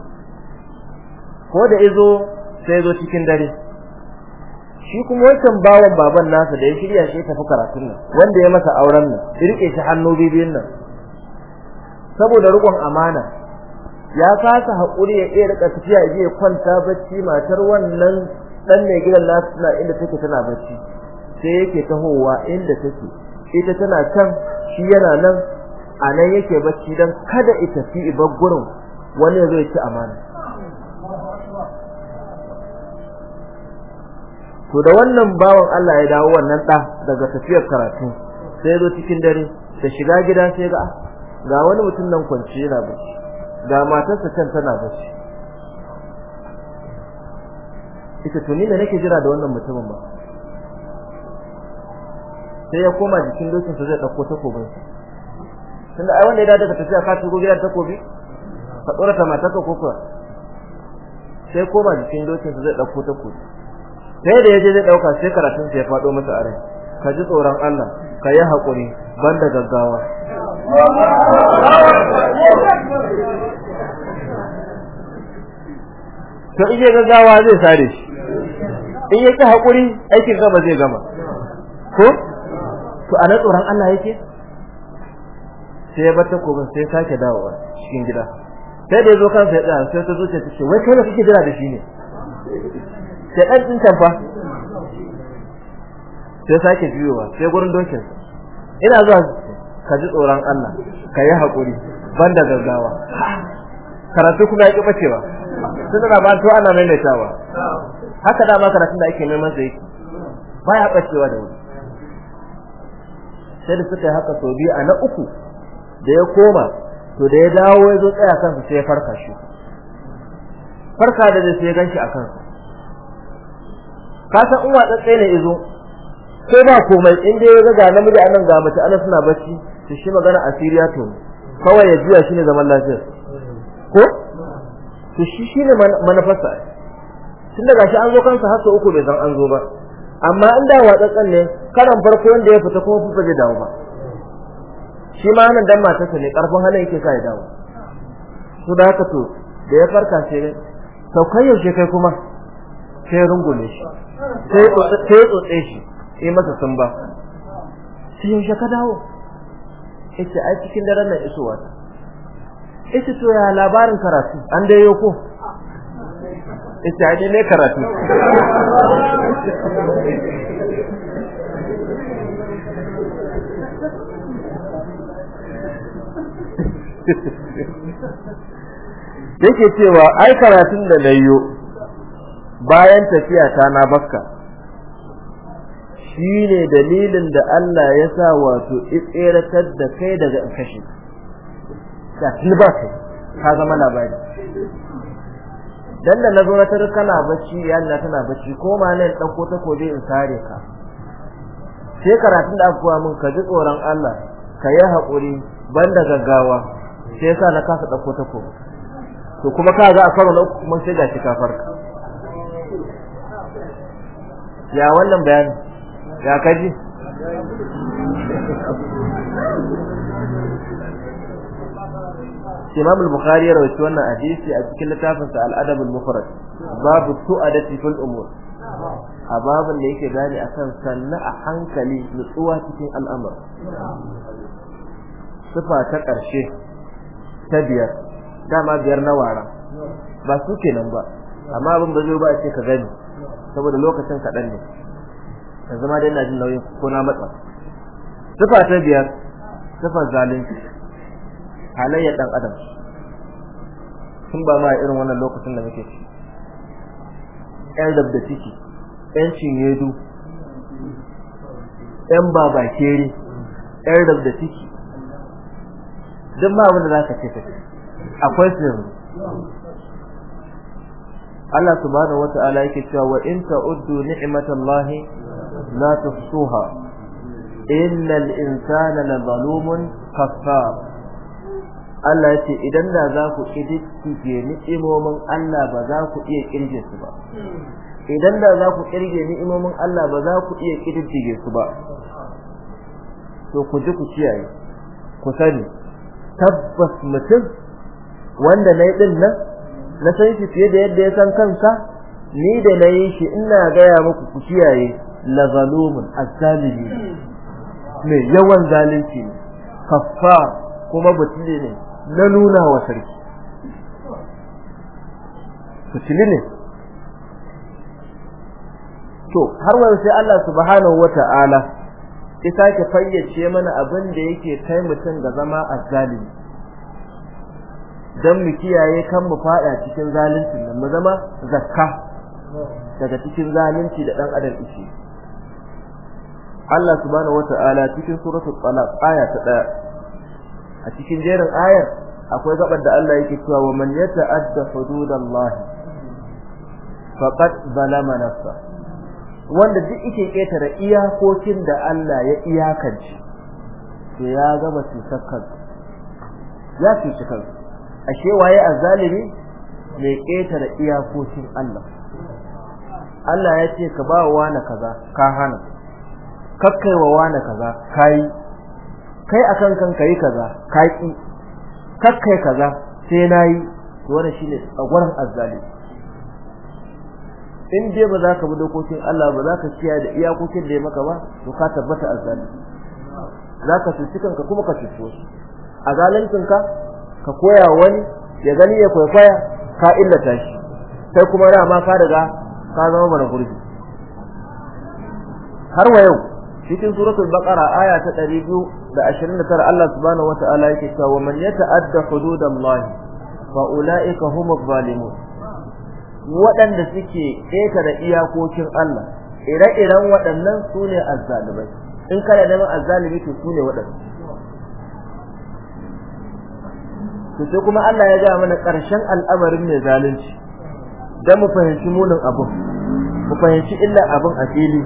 [SPEAKER 2] ko da izo sai zo cikin dare shi kuma wancan bawan baban nasa da ya shirya shi tafi karatun nan wanda ya masa auren nan rike shi hannu bibiyin nan saboda riƙon amana ya fasa hakuri ya iya rika tafiya ya kwanta bacci matar wannan dan mai gidan nasu na inda take tana bacci sai yake tahowa inda take ita tana can shi yana nan a nan yake bacci dan kada ita fi ibar wani ya ci amana to da wannan bawan Allah ya dawo wannan ɗa daga tafiyar karatu sai zo cikin dare da shiga gida sai ga ah, ga wani mutum nan kwance yana bacci ga matarsa can tana bacci ita tuni da nake jira da wannan mutumin ba sai ya koma jikin lokacin sa zai dauko takobin sa tunda ai wanda ya daga tafiya ka tugo gidan takobi ka dora ta matarka ka kuwa sai koma jikin lokacin sa zai dauko takobi sai da yaje zai dauka sai karatun sa ya fado masa a rai ka ji tsoron Allah ka yi hakuri banda gaggawa to in ya gaggawa zai sare shi in yake hakuri aikin ka ba zai gama ko to ana tsoron Allah yake sai ya bata ko sai sake dawowa cikin gida sai da yazo kan ya da sai ta zuciya ta ce wai kai ne kake jira da shi ne
[SPEAKER 3] sai dan din tamfa
[SPEAKER 2] sai sake juyowa sai gurin dokin ina zuwa ka ji tsoron Allah ka yi hakuri banda gaggawa karatu kuma ya ki cewa sun da ba to ana maimaitawa haka dama karatun da ake neman sa yake baya bacewa da wani sai da suka yi haka sau biyu a na uku da ya koma to da ya dawo ya zo tsaya su sai ya farka shi farka da da sai ya ganshi a kansa ka san uwa tsatsai ne izo ko ba komai in dai ya ga namiji nan ga mace anan suna bacci to shi magana siriya to kawai ya juya ne zaman lafiyar ko to shi shine manafasa tun daga shi an zo kansa har sau uku bai zan an zo ba amma in da watsatsan ne karan farko wanda ya fita kuma fufa zai dawo ba shi ma nan dan matarsa ne karfin halin yake sa ya dawo su da haka to da ya farka sai kai yaushe kai kuma sai rungume shi sai tsotse shi yi masa sun ba sai yaushe ka dawo yace ai cikin daren nan isowa ita to ya labarin karatu an dai yau ko ita ai ne karatu <laughs> yake cewa ai karatun da layyo bayan tafiya ta na bakka ne dalilin da Allah ya sa wato itseratar da kai daga kashi ba ta zama labari dan da nazo na tar kana bacci yalla tana bacci ko ma ne dan ko in sare ka sai karatun da aka mun min ka ji tsoron Allah ka yi hakuri banda gaggawa sai sa na kasa ta takobe to kuma ka ga a karo na uku kuma sai ga shi ka ya wannan bayani ya kaji Imam al-Bukhari ya rawaito wannan hadisi a cikin littafinsa Al-Adab al-Mufrad babu tu'adati fil umur a babin da yake gane akan sanna a hankali nutsuwa cikin al'amur sifa ta ƙarshe ta biyar dama biyar na wara ba su kenan ba amma abin da zai ba ce ka gani saboda lokacin kaɗan ne yanzu ma dai na jin nauyin ko na matsa sifa ta biyar sifa zalunci halayyar dan adam sun ba ma irin wannan lokacin da muke ciki yan dabda ciki yan cinyedu yan babakere yan rabda ciki duk ma abin da za ka ce ka akwai su yanzu Allah subhanahu wata'ala yake cewa wa in ta'uddu ni'matallahi la tuhsuha innal insana la zalumun kafar Allah ya ce idan da za ku ƙididdige ni'imomin Allah ba za ku iya ƙirge su ba idan da za ku ƙirge ni'imomin Allah ba za ku iya ƙididdige su ba to ku ji ku kiyaye ku sani tabbas mutum wanda na yi ɗin nan na san shi fiye da yadda ya san kansa ni da na yi shi ina gaya muku ku kiyaye la zalumun azzalimi ne yawan zalunci ne Kaffa, kuma butule ne na nuna wa sarki fitili ne to har wani sai Allah subhanahu wata'ala ya sake fayyace mana abin da yake kai mutum ga zama azzalimi dan mu kiyaye kan mu fada cikin zalunci nan mu zama zakka daga cikin zalunci da dan adam ishi Allah subhanahu wata'ala cikin suratul talaq aya ta 1 a cikin jerin ayar akwai gabar da Allah yake cewa wa man yata'adda hududallah faqad zalama nafsa wanda duk yake ketare iyakokin da Allah ya iyakance to ya gaba cutar ya ci kansa ashe waye azalimi mai ketare iyakokin Allah Allah ya ce ka ba wa wani kaza ka hana kakkaiwa wani kaza kai kai akan kan kai kaza kaki kakkai kaza sai nayi to wannan shine tsagwaran azzali in dai ba za ka bi dokokin Allah ba za ka kiyaye da iyakokin da ya maka ba to ka tabbata azzali za ka cuci kanka kuma ka cuci wasu a ka ka koya wani ya gani ya kwaikwaya ka illata shi sai kuma ma ka daga ka zama mana gurbi har wa yau cikin suratul baqara aya ta 229 Allah subhanahu wataala yake cewa man yata'adda hududallahi fa ulaika humuz zalimun waɗanda suke ƙetare iyakokin Allah ire-iren waɗannan su ne azzalibai in kana neman azzalimi to su ne waɗannan to sai kuma Allah ya ga mana ƙarshen al'amarin mai zalunci dan mu fahimci munin abin mu fahimci illa abin a fili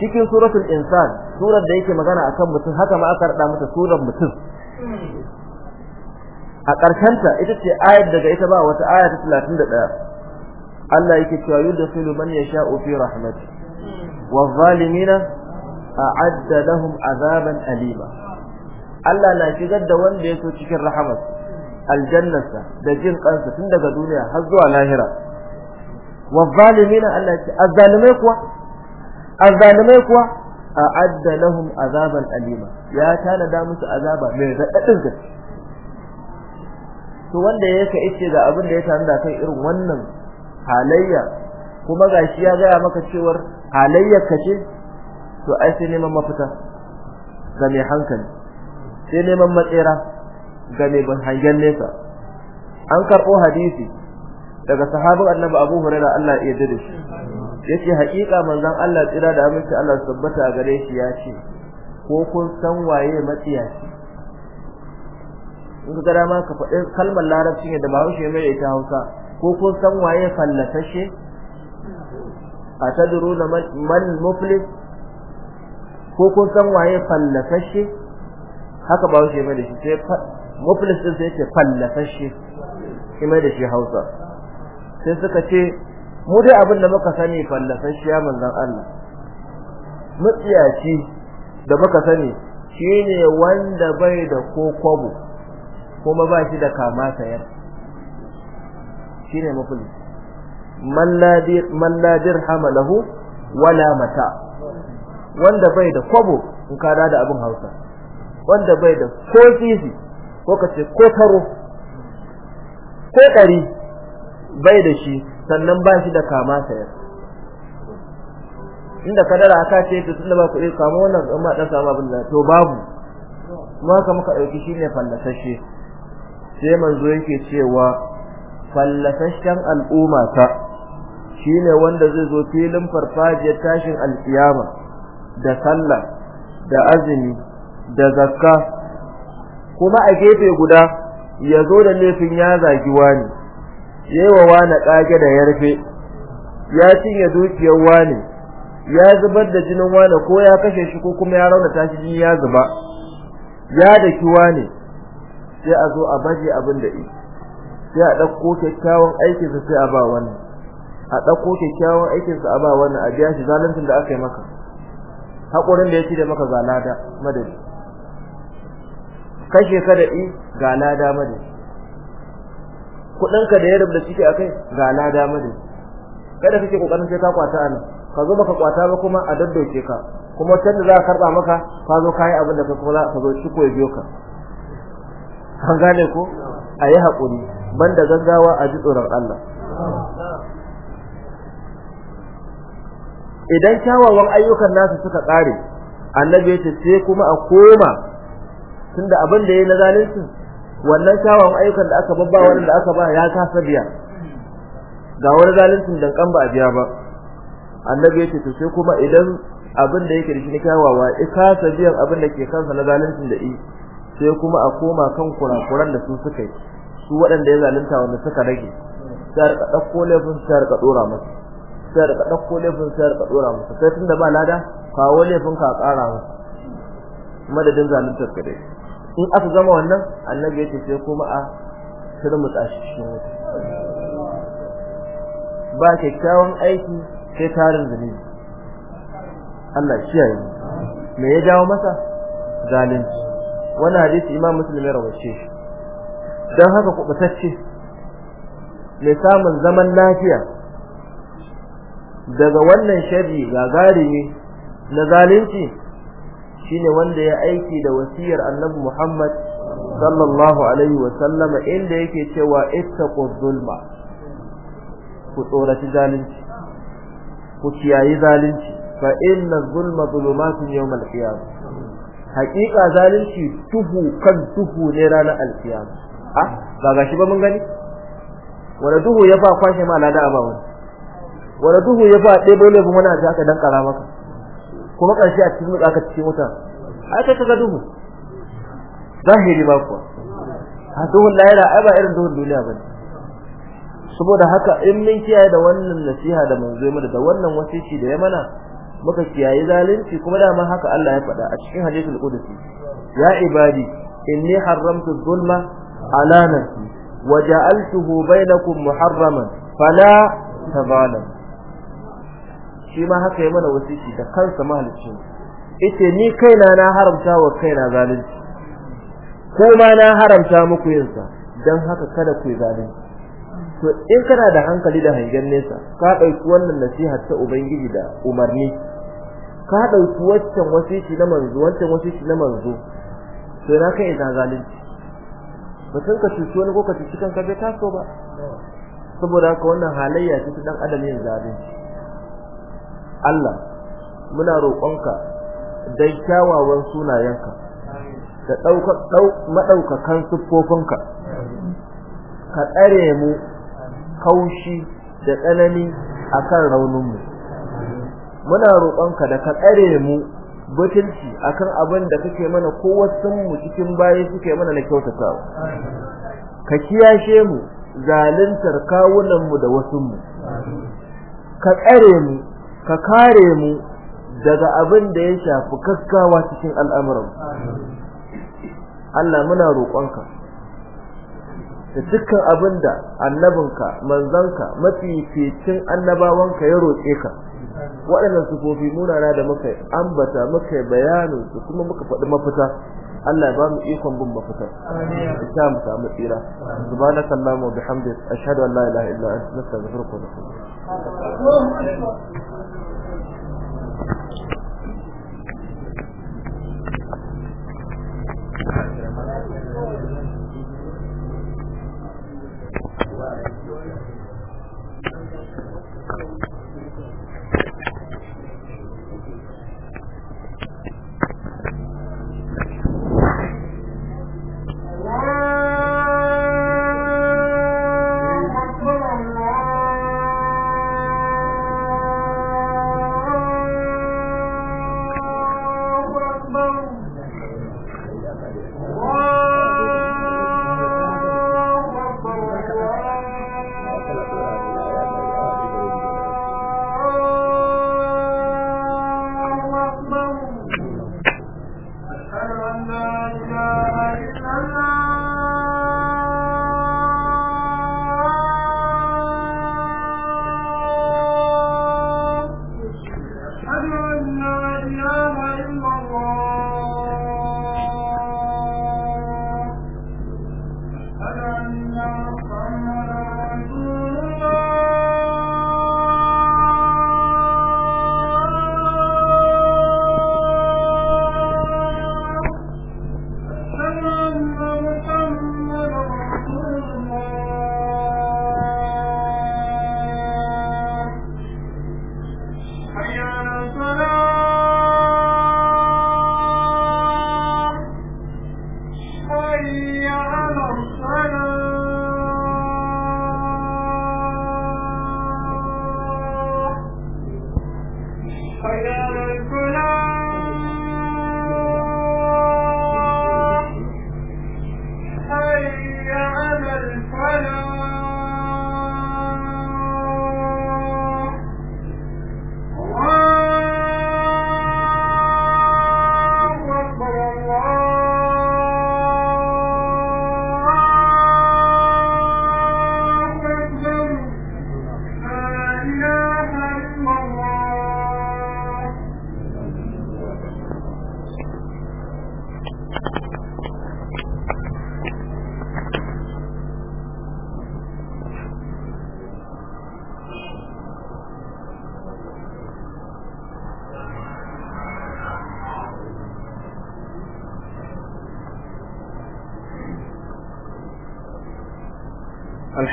[SPEAKER 2] cikin suratul insan surar da yake magana akan mutum haka ma aka rada mata surar mutum a ta ita ce ayar daga ita ba wata aya ta 31 Allah yake cewa yudkhilu man yasha'u fi rahmati wadh-dhalimina a'adda lahum azaban alima Allah na shigar da wanda ya so cikin rahamat aljannarsa da jin kansa tun daga duniya har zuwa lahira wadh-dhalimina Allah ya ce azzalimai kuwa azzalimai kuwa a adda lahum azaban alima ya tanada musu azaba mai radadin gaske to wanda yake yace ga abin da ya da kai irin wannan halayya kuma gashi ya gaya maka cewar halayyar ka ce to ai sai neman mafita ga mai hankali sai neman matsera ga mai hangen nesa an karɓo hadisi daga sahabin annabi Abu Hurairah Allah ya yarda da shi yace haƙiƙa manzon Allah tsira da aminci Allah tabbata gare shi ya ce ko kun san waye matsiyaci in ga dama ka faɗi kalmar larabci ne da Bahaushe mai ita Hausa ko kun san waye fallatashe atadruna man muflis ko kun san waye fallatashe haka Bahaushe mai da shi sai muflis sai ce fallatashe kuma da shi Hausa sai suka ce mu dai abin da muka sani fallasashiya manzon Allah mutiyaci da muka sani shine wanda bai da ko kuma ba shi da kama sayar shine mafuli malladir malladir hamalahu wala mata wanda bai da kobo in ka da abin Hausa wanda bai da ko sisi ko kace ko taro ko kari bai da shi sannan ba shi da kama sayar. inda kadara aka ce to tunda ba ku iya kama wannan in ma dan samu abin da to babu kuma ka muka dauki shine fallasashe sai manzo yake cewa fallasashen al'umma ta shine wanda zai zo filin farfajiyar tashin alkiyama da sallah da azumi da zakka kuma a gefe guda ya zo da laifin ya zagi wani yewa wani kage da yarfe ya cinye dukiyar wani ya zubar da jinin wani ko ya kashe shi ko kuma ya raunata shi ya zuba ya daki wani sai a zo a baje abin da yi sai a ɗauko kyakkyawan aikinsa sai a ba wani. a ɗauko kyakkyawan aikinsa a ba wani a biya shi zaluncin da aka yi maka haƙurin da ya ci da maka ga lada madadi kashe ka da i ga lada madadi Kudinka da ya rubuta ciki akai ga lada madu kada kake kokarin sai ka kwata ana ka zo baka kwata ba kuma a daddace ka kuma wata da za a karba maka ka zo kai abin da ka kula ka zo shiko ya biyo ka an gane ko a yi haƙuri banda gaggawa a ji tsoron Allah idan kyawawan ayyukan nasu suka kare, annabi ya ce sai kuma a koma tunda abin da ya na zalunci wannan kyawawan ayyukan da aka babba wannan da aka ba ya kasa biya ga wani zalincin kan ba a biya ba annabi yake to sai kuma idan abin da yake da shi kyawawa ya kasa biyan abin da ke kansa na zalincin da i sai kuma a koma kan kurakuran da su suka yi su waɗanda ya zalunta wanda suka rage sai rika ɗauko laifin sai rika ɗora musu sai rika ɗauko laifin sai rika ɗora musu sai tunda ba lada kawo laifin ka ƙara musu madadin zaluntar ka dai in aka zama wannan annabi yake sai kuma a turmutsa shi ba kyakkyawan aiki sai tarin zunubi Allah shi ya yi me ya jawo masa zalunci wannan hadisi imam muslim ya rawace shi dan haka batacce ne samun zaman lafiya daga wannan sharri gagarumi na zalunci shine wanda ya aiki da wasiyar annabi Muhammad sallallahu alaihi wa sallama inda yake cewa ittaqul zulma ku tsoraci zalunci ku kiyayi zalunci fa inna zulma zulumatun yawm al-qiyamah haqiqa zalunci tuhu kan tuhu ne ranar al-qiyamah ah ba gashi ba mun gani wala duhu ya fa kwashe ma lada ba wani wala duhu ya fa dai dole kuma na ta ka dan kara maka kuma karshe a cikin aka cikin wuta ai kai kaga duhu zahiri ba kuwa a duhun lahira ai ba irin duhun duniya bane saboda haka in mun kiyaye da wannan nasiha da mun ya mana da wannan wasici da ya mana muka kiyaye zalunci kuma dama haka Allah ya faɗa a cikin hadisul qudsi ya ibadi inni haramtu zulma ala nafsi wa ja'altuhu bainakum muharraman fala shi ma haka ya mana wasiki da kansa mahalicci yace ni kaina na haramta wa kaina zalunci ma na haramta muku yin sa dan haka kada ku yi zalunci to in kana da hankali da hangen nesa ka dauki wannan nasiha ta ubangiji da umarni ka dauki waccan wasiki na manzo waccan wasiki na manzo to na kai da zalunci batun ka cuci wani ko ka cuci kanka bai taso ba saboda ka wannan halayya ce ta dan adam yin zalunci Allah muna roƙonka dai kyawawan sunayenka da ɗauka madaukakan siffofinka ka tsare mu kaushi da tsanani akan raunin mu muna roƙonka da ka tsare mu butulci akan abin da kake mana ko wasan mu cikin bayi suke mana na kyautatawa ka kiyashe mu zaluntar kawunan mu da wasun mu ka tsare mu ka kare mu daga abin da ya shafi kaskawa cikin al'amuran Allah muna roƙonka da dukkan abin da annabinka manzanka mafificin annabawanka ya roƙe ka waɗannan sufofi munana da muka ambata muka bayanin su kuma muka faɗi mafita Allah ba mu ikon bin mafita insha mu samu tsira subhanaka allahumma wa bihamdika ashhadu an la ilaha illa anta astaghfiruka wa
[SPEAKER 3] atubu Gracias.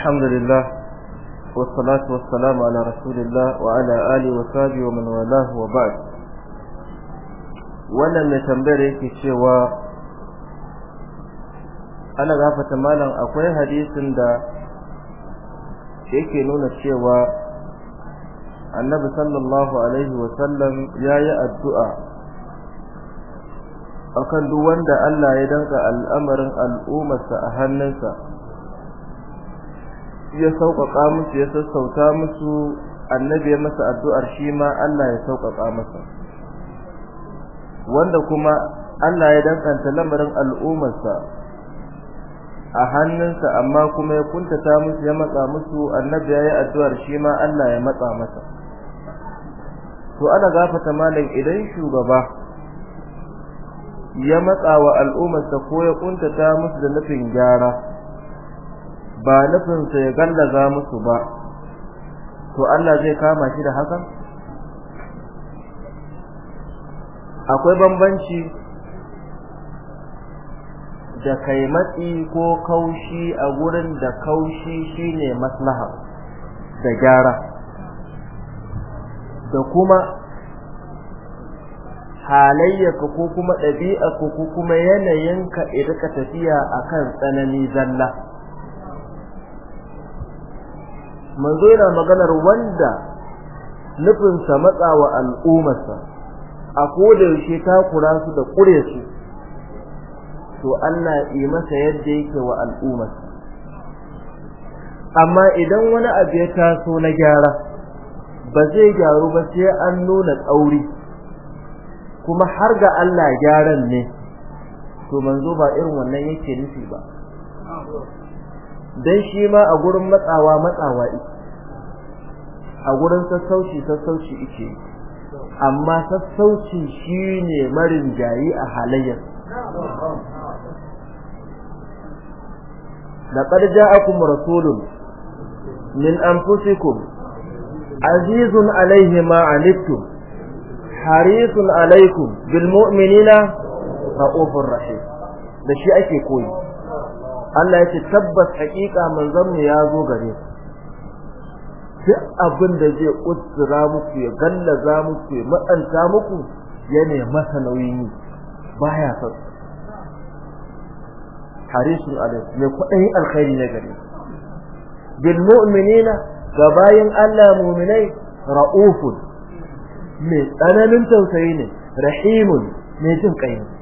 [SPEAKER 2] الحمد لله والصلاة والسلام على رسول الله وعلى آله وصحبه ومن والاه وبعد wannan mai tambayar yake cewa ana gafata malam akwai hadisin da yake nuna cewa annabi sallallahu alaihi wasallam ya yi addu'a akan duk wanda Allah ya danka al'amarin al'ummarsa a hannunsa ya sauƙaƙa musu ya sassauta musu annabi ya masa addu'ar shi ma Allah ya sauƙaƙa masa wanda kuma Allah ya danganta lamarin al'ummarsa a hannunsa amma kuma ya kuntata musu ya matsa musu annabi ya yi addu'ar shi ma Allah ya matsa masa to ana gafata malam idan shugaba ya matsa wa al'ummarsa ko ya kuntata musu da nufin gyara ba nufinsa ya gallaza musu ba to Allah zai kama shi da haka akwai bambanci da kaimatsi ko kaushi a gurin da kaushi shine maslaha da gyara da kuma halayyarka ko kuma ɗabi'arka ko kuma yanayinka irka tafiya akan tsanani zalla manzo yana maganar wanda nufin nufinsa matsawa al'ummarsa a ta kura su da kure su to Allah yi masa yadda yake wa al'ummarsa amma idan wani abu ya taso na gyara ba zai gyaru ba sai an nuna tsauri kuma har ga Allah gyaran ne to manzo ba irin wannan yake nufi ba dan shi ma a gurin matsawa matsawa a gurin sassauci sassauci ike amma sassauci shine marin jayi a halayyar laqad akum rasulun min anfusikum azizun alayhi ma anittum harisun alai'kum. bil mu'minina ra'ufur rahim da shi ake koyi Allah yake tabbas hakika manzon mu ya zo gare ku duk abin da zai kutsura muku ya gallaza muku ya matsanta muku yana masa nauyin baya son harisun alaihi ne dai alkhairi ne gare bil mu'minina ga bayin Allah mu'minai ra'ufun mai tsananin tausayi ne rahimun me jin kai ne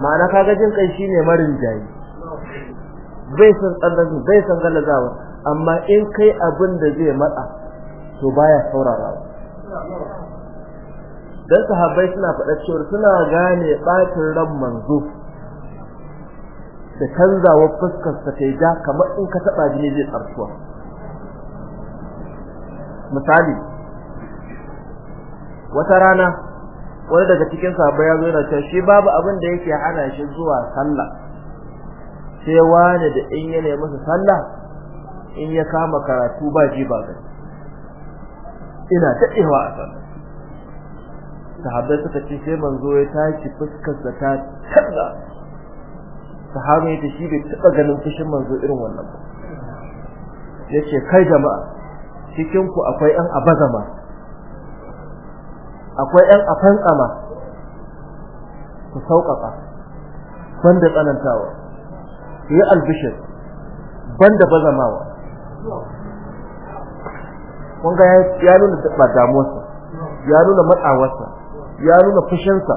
[SPEAKER 2] ma'ana kaga jin kai shine marin jayi bai san tsallazu bai san galazawa amma in kai abin da zai matsa to baya saurara dan sahabbai suna faɗa cewa suna gane batin ran manzo da canzawa fuskar sa kai ja kamar in ka taba jini zai misali wata rana wani daga cikin sahabbai ya zo yana cewa shi babu abin da yake hana shi zuwa sallah sai wani da in yana masa sallah in ya kama karatu ba ji ba gani ina ihwa a sallah sahabbai suka ce sai manzo ya tashi fuskar sa ta canza sahabai ta shi bai taɓa ganin fushin manzo irin wannan ba yace kai jama'a cikin ku akwai ɗan abazama akwai yan afan tsama ku sauƙaƙa banda tsanantawa yi albishir banda bazamawa wanga ya nuna ba damuwarsa ya nuna matsawarsa ya nuna fushinsa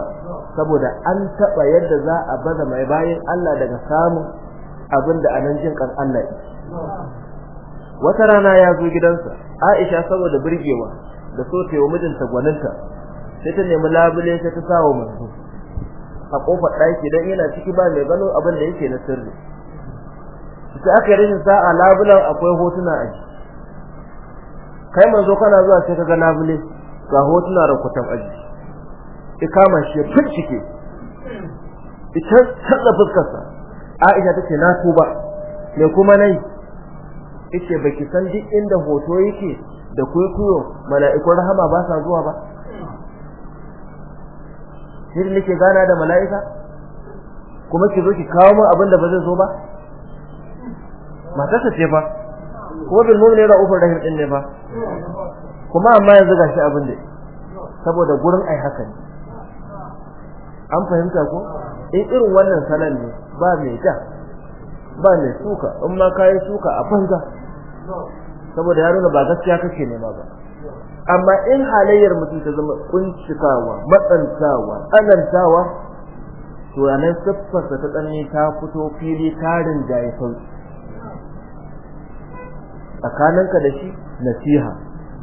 [SPEAKER 2] saboda an taɓa yadda za a baza mai bayan Allah daga samun abin da anan jin kan Allah wata rana ya zo gidansa Aisha saboda birgewa da so ta yi mijinta gwaninta sai ta nemi labule sai ta sawa masu a kofar ɗaki dan yana ciki ba mai gano abin da yake na sirri sai aka yi rashin sa'a labulan akwai hotuna a ji kai manzo kana zuwa sai ka ga labule ga hotuna rakutan aji kama shi cike. ita tsada fuskarsa Aisha tace na tuba me kuma nai ita baki san duk inda hoto yake da kwaikwayo mala'ikun rahama ba sa zuwa ba shirin nake gana da mala'ika kuma ki zo ki kawo min abin da ba zai zo ba matarsa ce fa bin bil mu'mini ra'ufur rahim din ne ba kuma amma yanzu shi abin da saboda gurin ai haka ne an fahimta ko in irin wannan salan ne ba mai ja ba mai suka in ma kayan suka a banza saboda ya nuna ba gaskiya kake nema ba amma in halayyar mutum ta zama kuncikawa matsantawa tsanantawa to ranar siffarsa ta tsanani ta fito fili tarin ya sauki tsakaninka da shi nasiha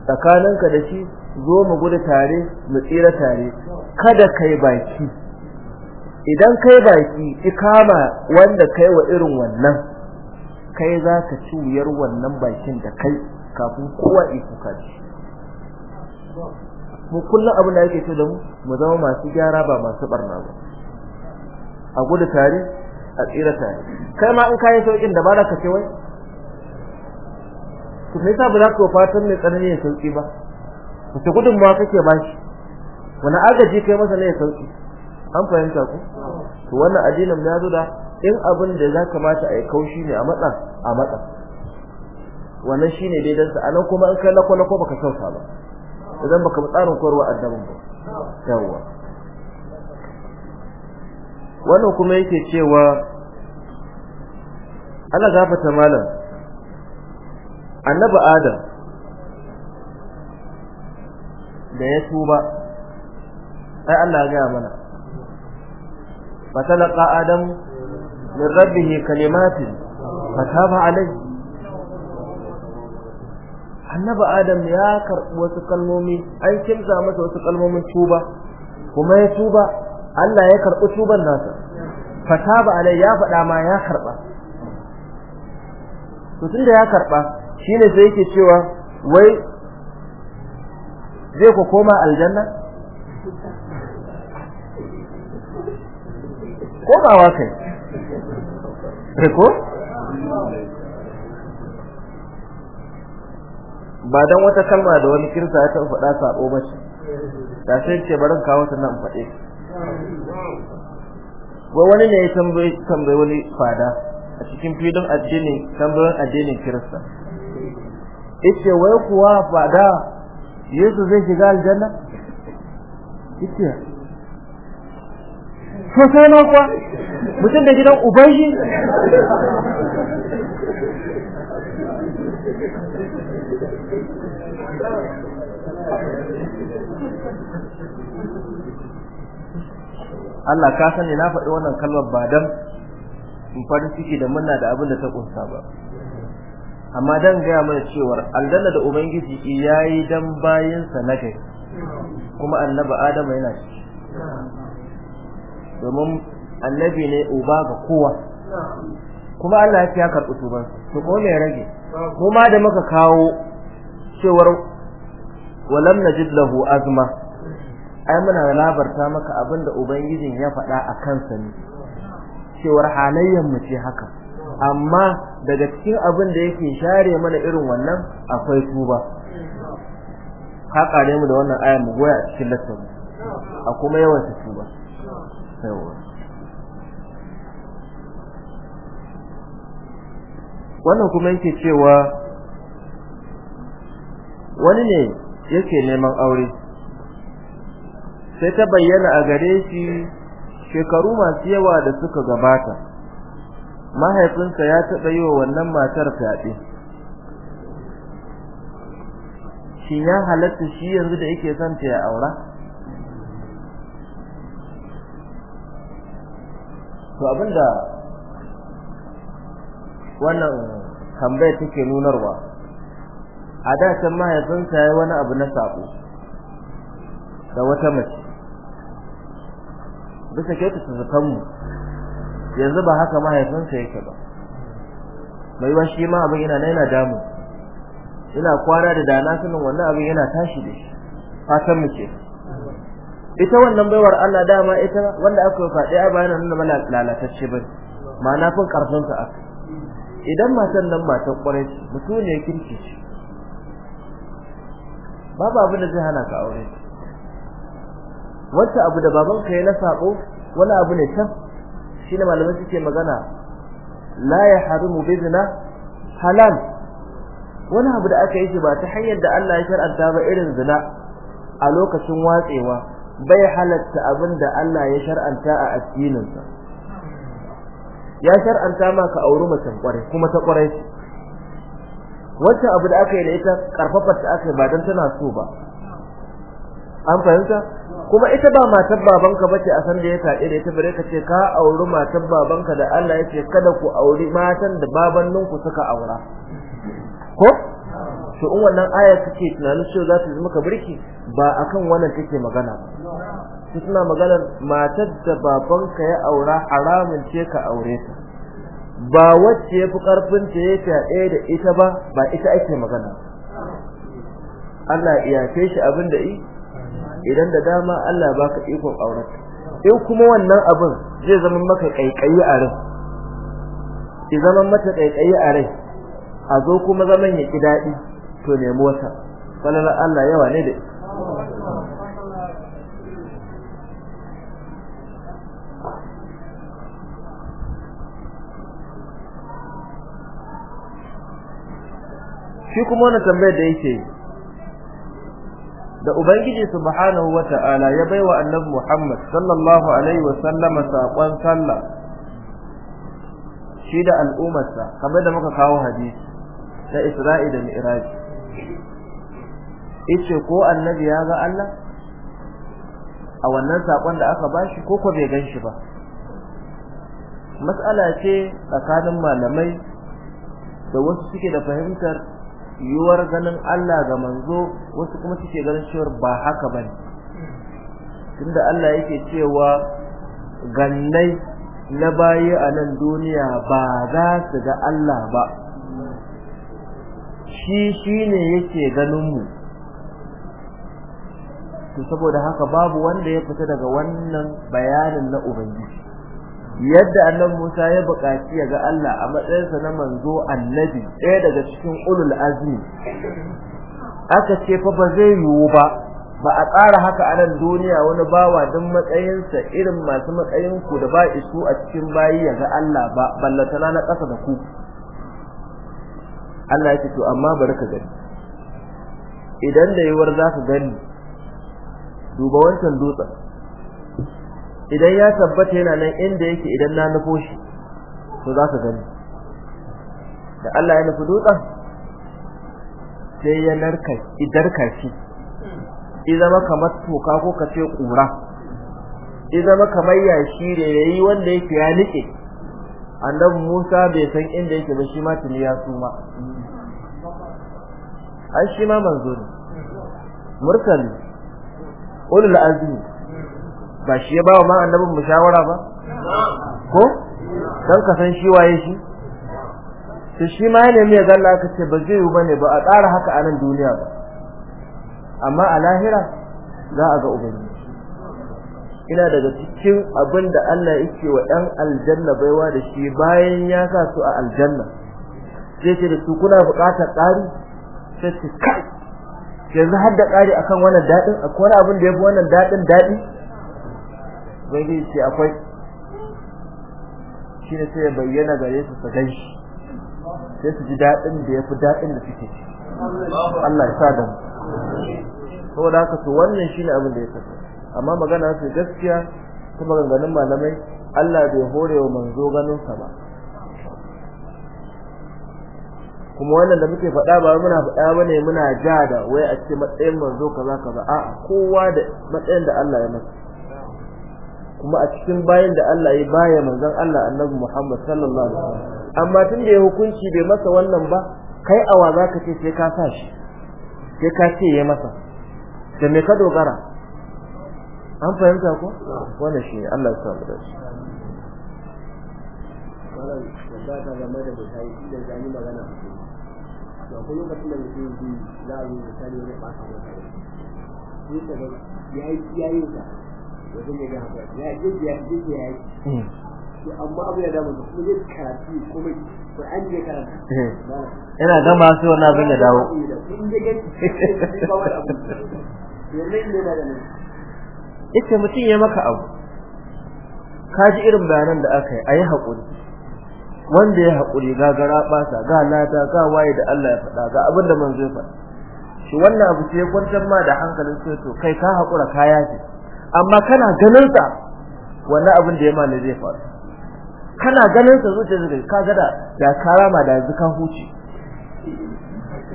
[SPEAKER 2] tsakaninka da shi zo mu gudu tare mu tsira tare kada kai baki idan kai baki ikama wanda kai wa irin wannan kai za ka ci wannan bakin da kai kafin kowa ikuka shi mu kullum abin da yake so da mu mu zama masu gyara ba masu barna ba a gudu tare a tsira tare kai ma in kayan sauƙin da ba za ka ce wai Ku me yasa ba za ka fatan mai tsanani ya sauki ba gudun gudunmawa kake ba shi wani agaji kai masa ne ya sauki an fahimta ku to wannan addinin ya zo da in abin da za kamata a yi kaushi ne a matsa a matsa wannan shine daidansa anan kuma in kai lako lako baka sauka ba idan baka bi tsarin koyarwa addabin ba yawa wannan kuma yake cewa Allah gafata malam annabi adam da ya tuba ai Allah ya ga mana fatalaqa adam min rabbih kalimatin fataba alayhi annabi adam ya karɓi wasu kalmomi an kimsa masa wasu kalmomin tuba kuma ya tuba Allah ya karɓi tuban nasa fataba alai ya faɗa ma ya karɓa to tunda ya karɓa shine sai yake cewa wai zai ku koma aljanna komawa kai ko ba dan wata kalma da wani kirsa ya taɓa faɗa sabo ba shi da sai ce barin kawo ta nan faɗe wai wani ne ya tambayi wani fada a cikin filin addini tambayoyin addinin kirista yace wai kuwa fada Yesu zai shiga aljanna yace sosai na kuwa mutum da gidan ubangi Allah ka sani na faɗi wannan kalmar ba dan in farin ciki da murna da abin da ta kunsa ba amma dan gaya mana cewar aljanna da ubangiji yayi dan sa na kai kuma annabi Adamu yana ciki domin annabi ne uba ga kowa kuma Allah ya ya karɓi tuban to ko me rage mu ma da muka kawo cewar wa lam najid lahu azma ai muna labarta maka abinda ubangijin ya faɗa a kan ne cewar halayyar mu ce haka amma daga cikin abin da yake share mana irin wannan akwai tuba ka kare mu da wannan aya mu goya a cikin lattafi a kuma yawan tuba yawa wannan kuma yake cewa wani ne yake neman aure sai ta bayyana a gare shi shekaru masu yawa da suka gabata mahaifinsa ya taɓa yi wa wannan matar fyaɗe shi ya halatta shi yanzu da yake son ta ya aura to abinda wannan tambayar take nunarwa a da can mahaifinsa ya wani abu na saƙo, da wata mace bisa ke ta zaton mu yanzu ba haka mahaifinsa yake ba mai ba shi ma abin yana yana damu ina kwana da dana sunan wannan abin yana tashi da shi fatan mu ce ita wannan baiwar Allah dama ita wanda aka yi faɗi a bayanan nuna mana lalatacce ba ma'ana fin ƙarfinsa aka idan matan nan ta ƙwarai mutum ne kirki babu abin da zai hana ka aure wata abu da babanka ya na sako wani abu ne can shine malamai suke magana la ya harimu bizna halal wani abu da aka yi shi ba ta hanyar da Allah ya shar'anta ba irin zina a lokacin watsewa bai halatta abin da Allah ya shar'anta a addinin sa ya shar'anta maka ka auri mace kwarai kuma ta kwarai wancan abu da aka yi da ita karfafar ta aka yi ba dan tana so ba an fahimta kuma ita ba matar babanka bace a san da ya tafi da ita bare ka ce ka auri matar babanka da Allah ya kada ku auri matan da babanninku suka aura ko to in wannan aya take tunanin cewa za ta zama ka birki ba akan wannan take magana ba suna magana matar da babanka ya aura haramun ce ka aure ta ba wacce yafi karfin ta a fyaɗe da ita ba ba ita ake magana Allah ya kai shi abin da yi idan da dama Allah ya baka ikon auren in kuma wannan abin zai zama maka kaikayi a rai ki zama mata kaikayi a rai a zo kuma zaman ya ki daɗi to nemi wata falala Allah yawa ne da shi kuma wannan tambayar da yake da ubangiji subhanahu wata'ala ya baiwa annabi Muhammad sallallahu alaihi wa sallama sakon sallah shi da al'ummarsa kamar da muka kawo hadisi da Isra'i da Mi'raj yace ko annabi ya ga Allah a wannan sakon da aka bashi ko ko bai gan shi ba mas'ala ce tsakanin malamai da wasu suke da fahimtar yiwuwar ganin Allah ga manzo wasu kuma suke ganin cewa ba haka bane tunda Allah yake cewa gannai na bayi a nan duniya ba za su ga Allah ba shi ne yake ganin mu to saboda haka babu wanda ya fita daga wannan bayanin na ubangiji yadda annabi Musa ya buƙaci ya ga Allah a matsayinsa na manzo annabi ɗaya daga cikin ulul azmi aka ce fa ba zai yiwu ba ba a ƙara haka a nan duniya wani bawa don matsayinsa irin masu matsayin ku da ba isu a cikin bayi ya ga Allah ba ballatana na ƙasa da ku Allah ya ce to amma bari ka gani idan da yiwuwar za ka gani duba wancan dutsen idan ya tabbata yana nan inda yake idan na nufo shi to za ka gani da Allah ya nufi dutsen sai ya narka idar kashi zama ka matuka ko ka ce kura zama kamar yashi da yayi wanda yake ya nike annabi Musa bai san inda yake ba shi ma tuni ya suma ai shi ma manzo ne murtali ulul azmi ba shi ya ba wa annabin mu shawara ba ko dan ka san shi waye shi to shi ma ne mai galla aka ce ba zai yi bane ba a tsara haka a nan duniya ba amma a lahira za a ga ubangiji ina daga cikin abin da Allah yake wa ɗan aljanna baiwa da shi bayan ya sa su a aljanna sai ce da su kuna buƙatar tsari sai ce kai yanzu har da akan wannan daɗin akwai wani abin da ya fi wannan daɗin daɗi ubangiji ce akwai shi ne sai ya bayyana gare su su gan shi sai su ji daɗin da ya fi daɗin da suke Allah ya sa da mu saboda haka to wannan shi ne abin da ya tafi amma magana su gaskiya kuma maganganun malamai Allah bai hore wa manzo ganin sa ba kuma wannan da muke faɗa ba muna faɗa bane muna ja da wai a ce matsayin manzo kaza kaza a'a kowa da matsayin da Allah ya masa kuma a cikin bayan da Allah ya baya manzon Allah annabi Muhammad sallallahu alaihi wasallam amma tun da ya hukunci bai masa wannan ba kai awa zaka ce sai ka sa shi sai ka ce ya masa da me ka dogara an fahimta ko wannan shi Allah ya samu da shi da ta game da misali idan magana da mutum zai za a yi misali wani ɓata mutane sai ka ga ya yi ya yi wajen hmm. hmm. yana gama wannan abin ya dawo mutum ya maka abu ka ji irin bayanan da aka yi a yi haƙuri wanda ya haƙuri ga gara ɓasa ga lada ga waye da Allah ya faɗa ga abin da manzo ya faɗa shi wannan abu ce ya kwantar ma da hankalin sai kai ka hakura ka ce. amma kana ganin sa wannan abin da ya mallai zai faru kana ganin sa zuciya zai ka ga da karama da yanzu ka huce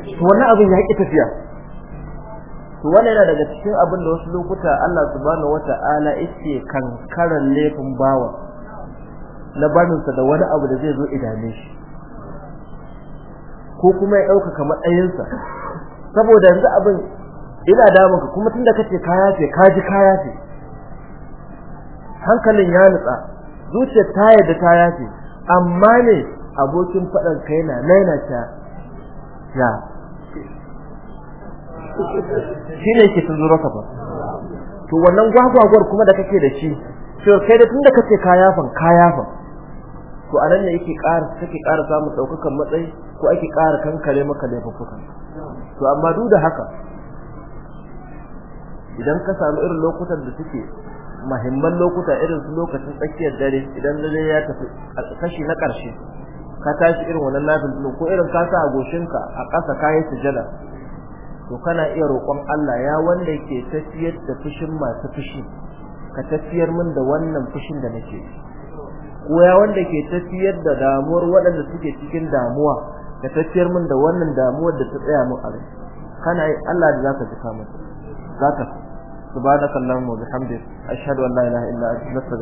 [SPEAKER 3] to wannan abin ya
[SPEAKER 2] ki tafiya to wannan yana daga cikin abin da wasu lokuta Allah subhanahu wata'ala yake kankaran laifin bawa na sa da wani abu da zai zo idame shi ko kuma ya kamar ayyansa, saboda yanzu abin ina damunka kuma tunda kace kaya ce ka ji kaya ce hankalin ya nutsa zuciyar ta yadda ta yafe amma ne abokin faɗan na yana naina ta ya shi ne ke tunzuro ka ba to wannan gwagwagwar kuma da kake da shi to kai da tunda kace ka yafan ka yafan to anan ne yake ƙara take ƙara samun daukakan matsayi ko ake ƙara kankare maka laifuka to amma duk da haka idan ka samu irin lokutan da suke mahimman lokuta irin su lokacin tsakiyar dare idan dare ya tafi kashi na ƙarshe ka tashi irin wannan nafil ko irin ka sa a goshinka a ƙasa kayi sujada to kana iya roƙon Allah ya wanda yake tafiyar da fushin masu fushi ka tafiyar min da wannan fushin da nake ko ya wanda ke tafiyar da damuwar waɗanda suke cikin damuwa ka tafiyar min da wannan damuwar da ta tsaya min a kana yi Allah da zaka ji kamar zaka mu bi bihamdika a an la ilaha illa anta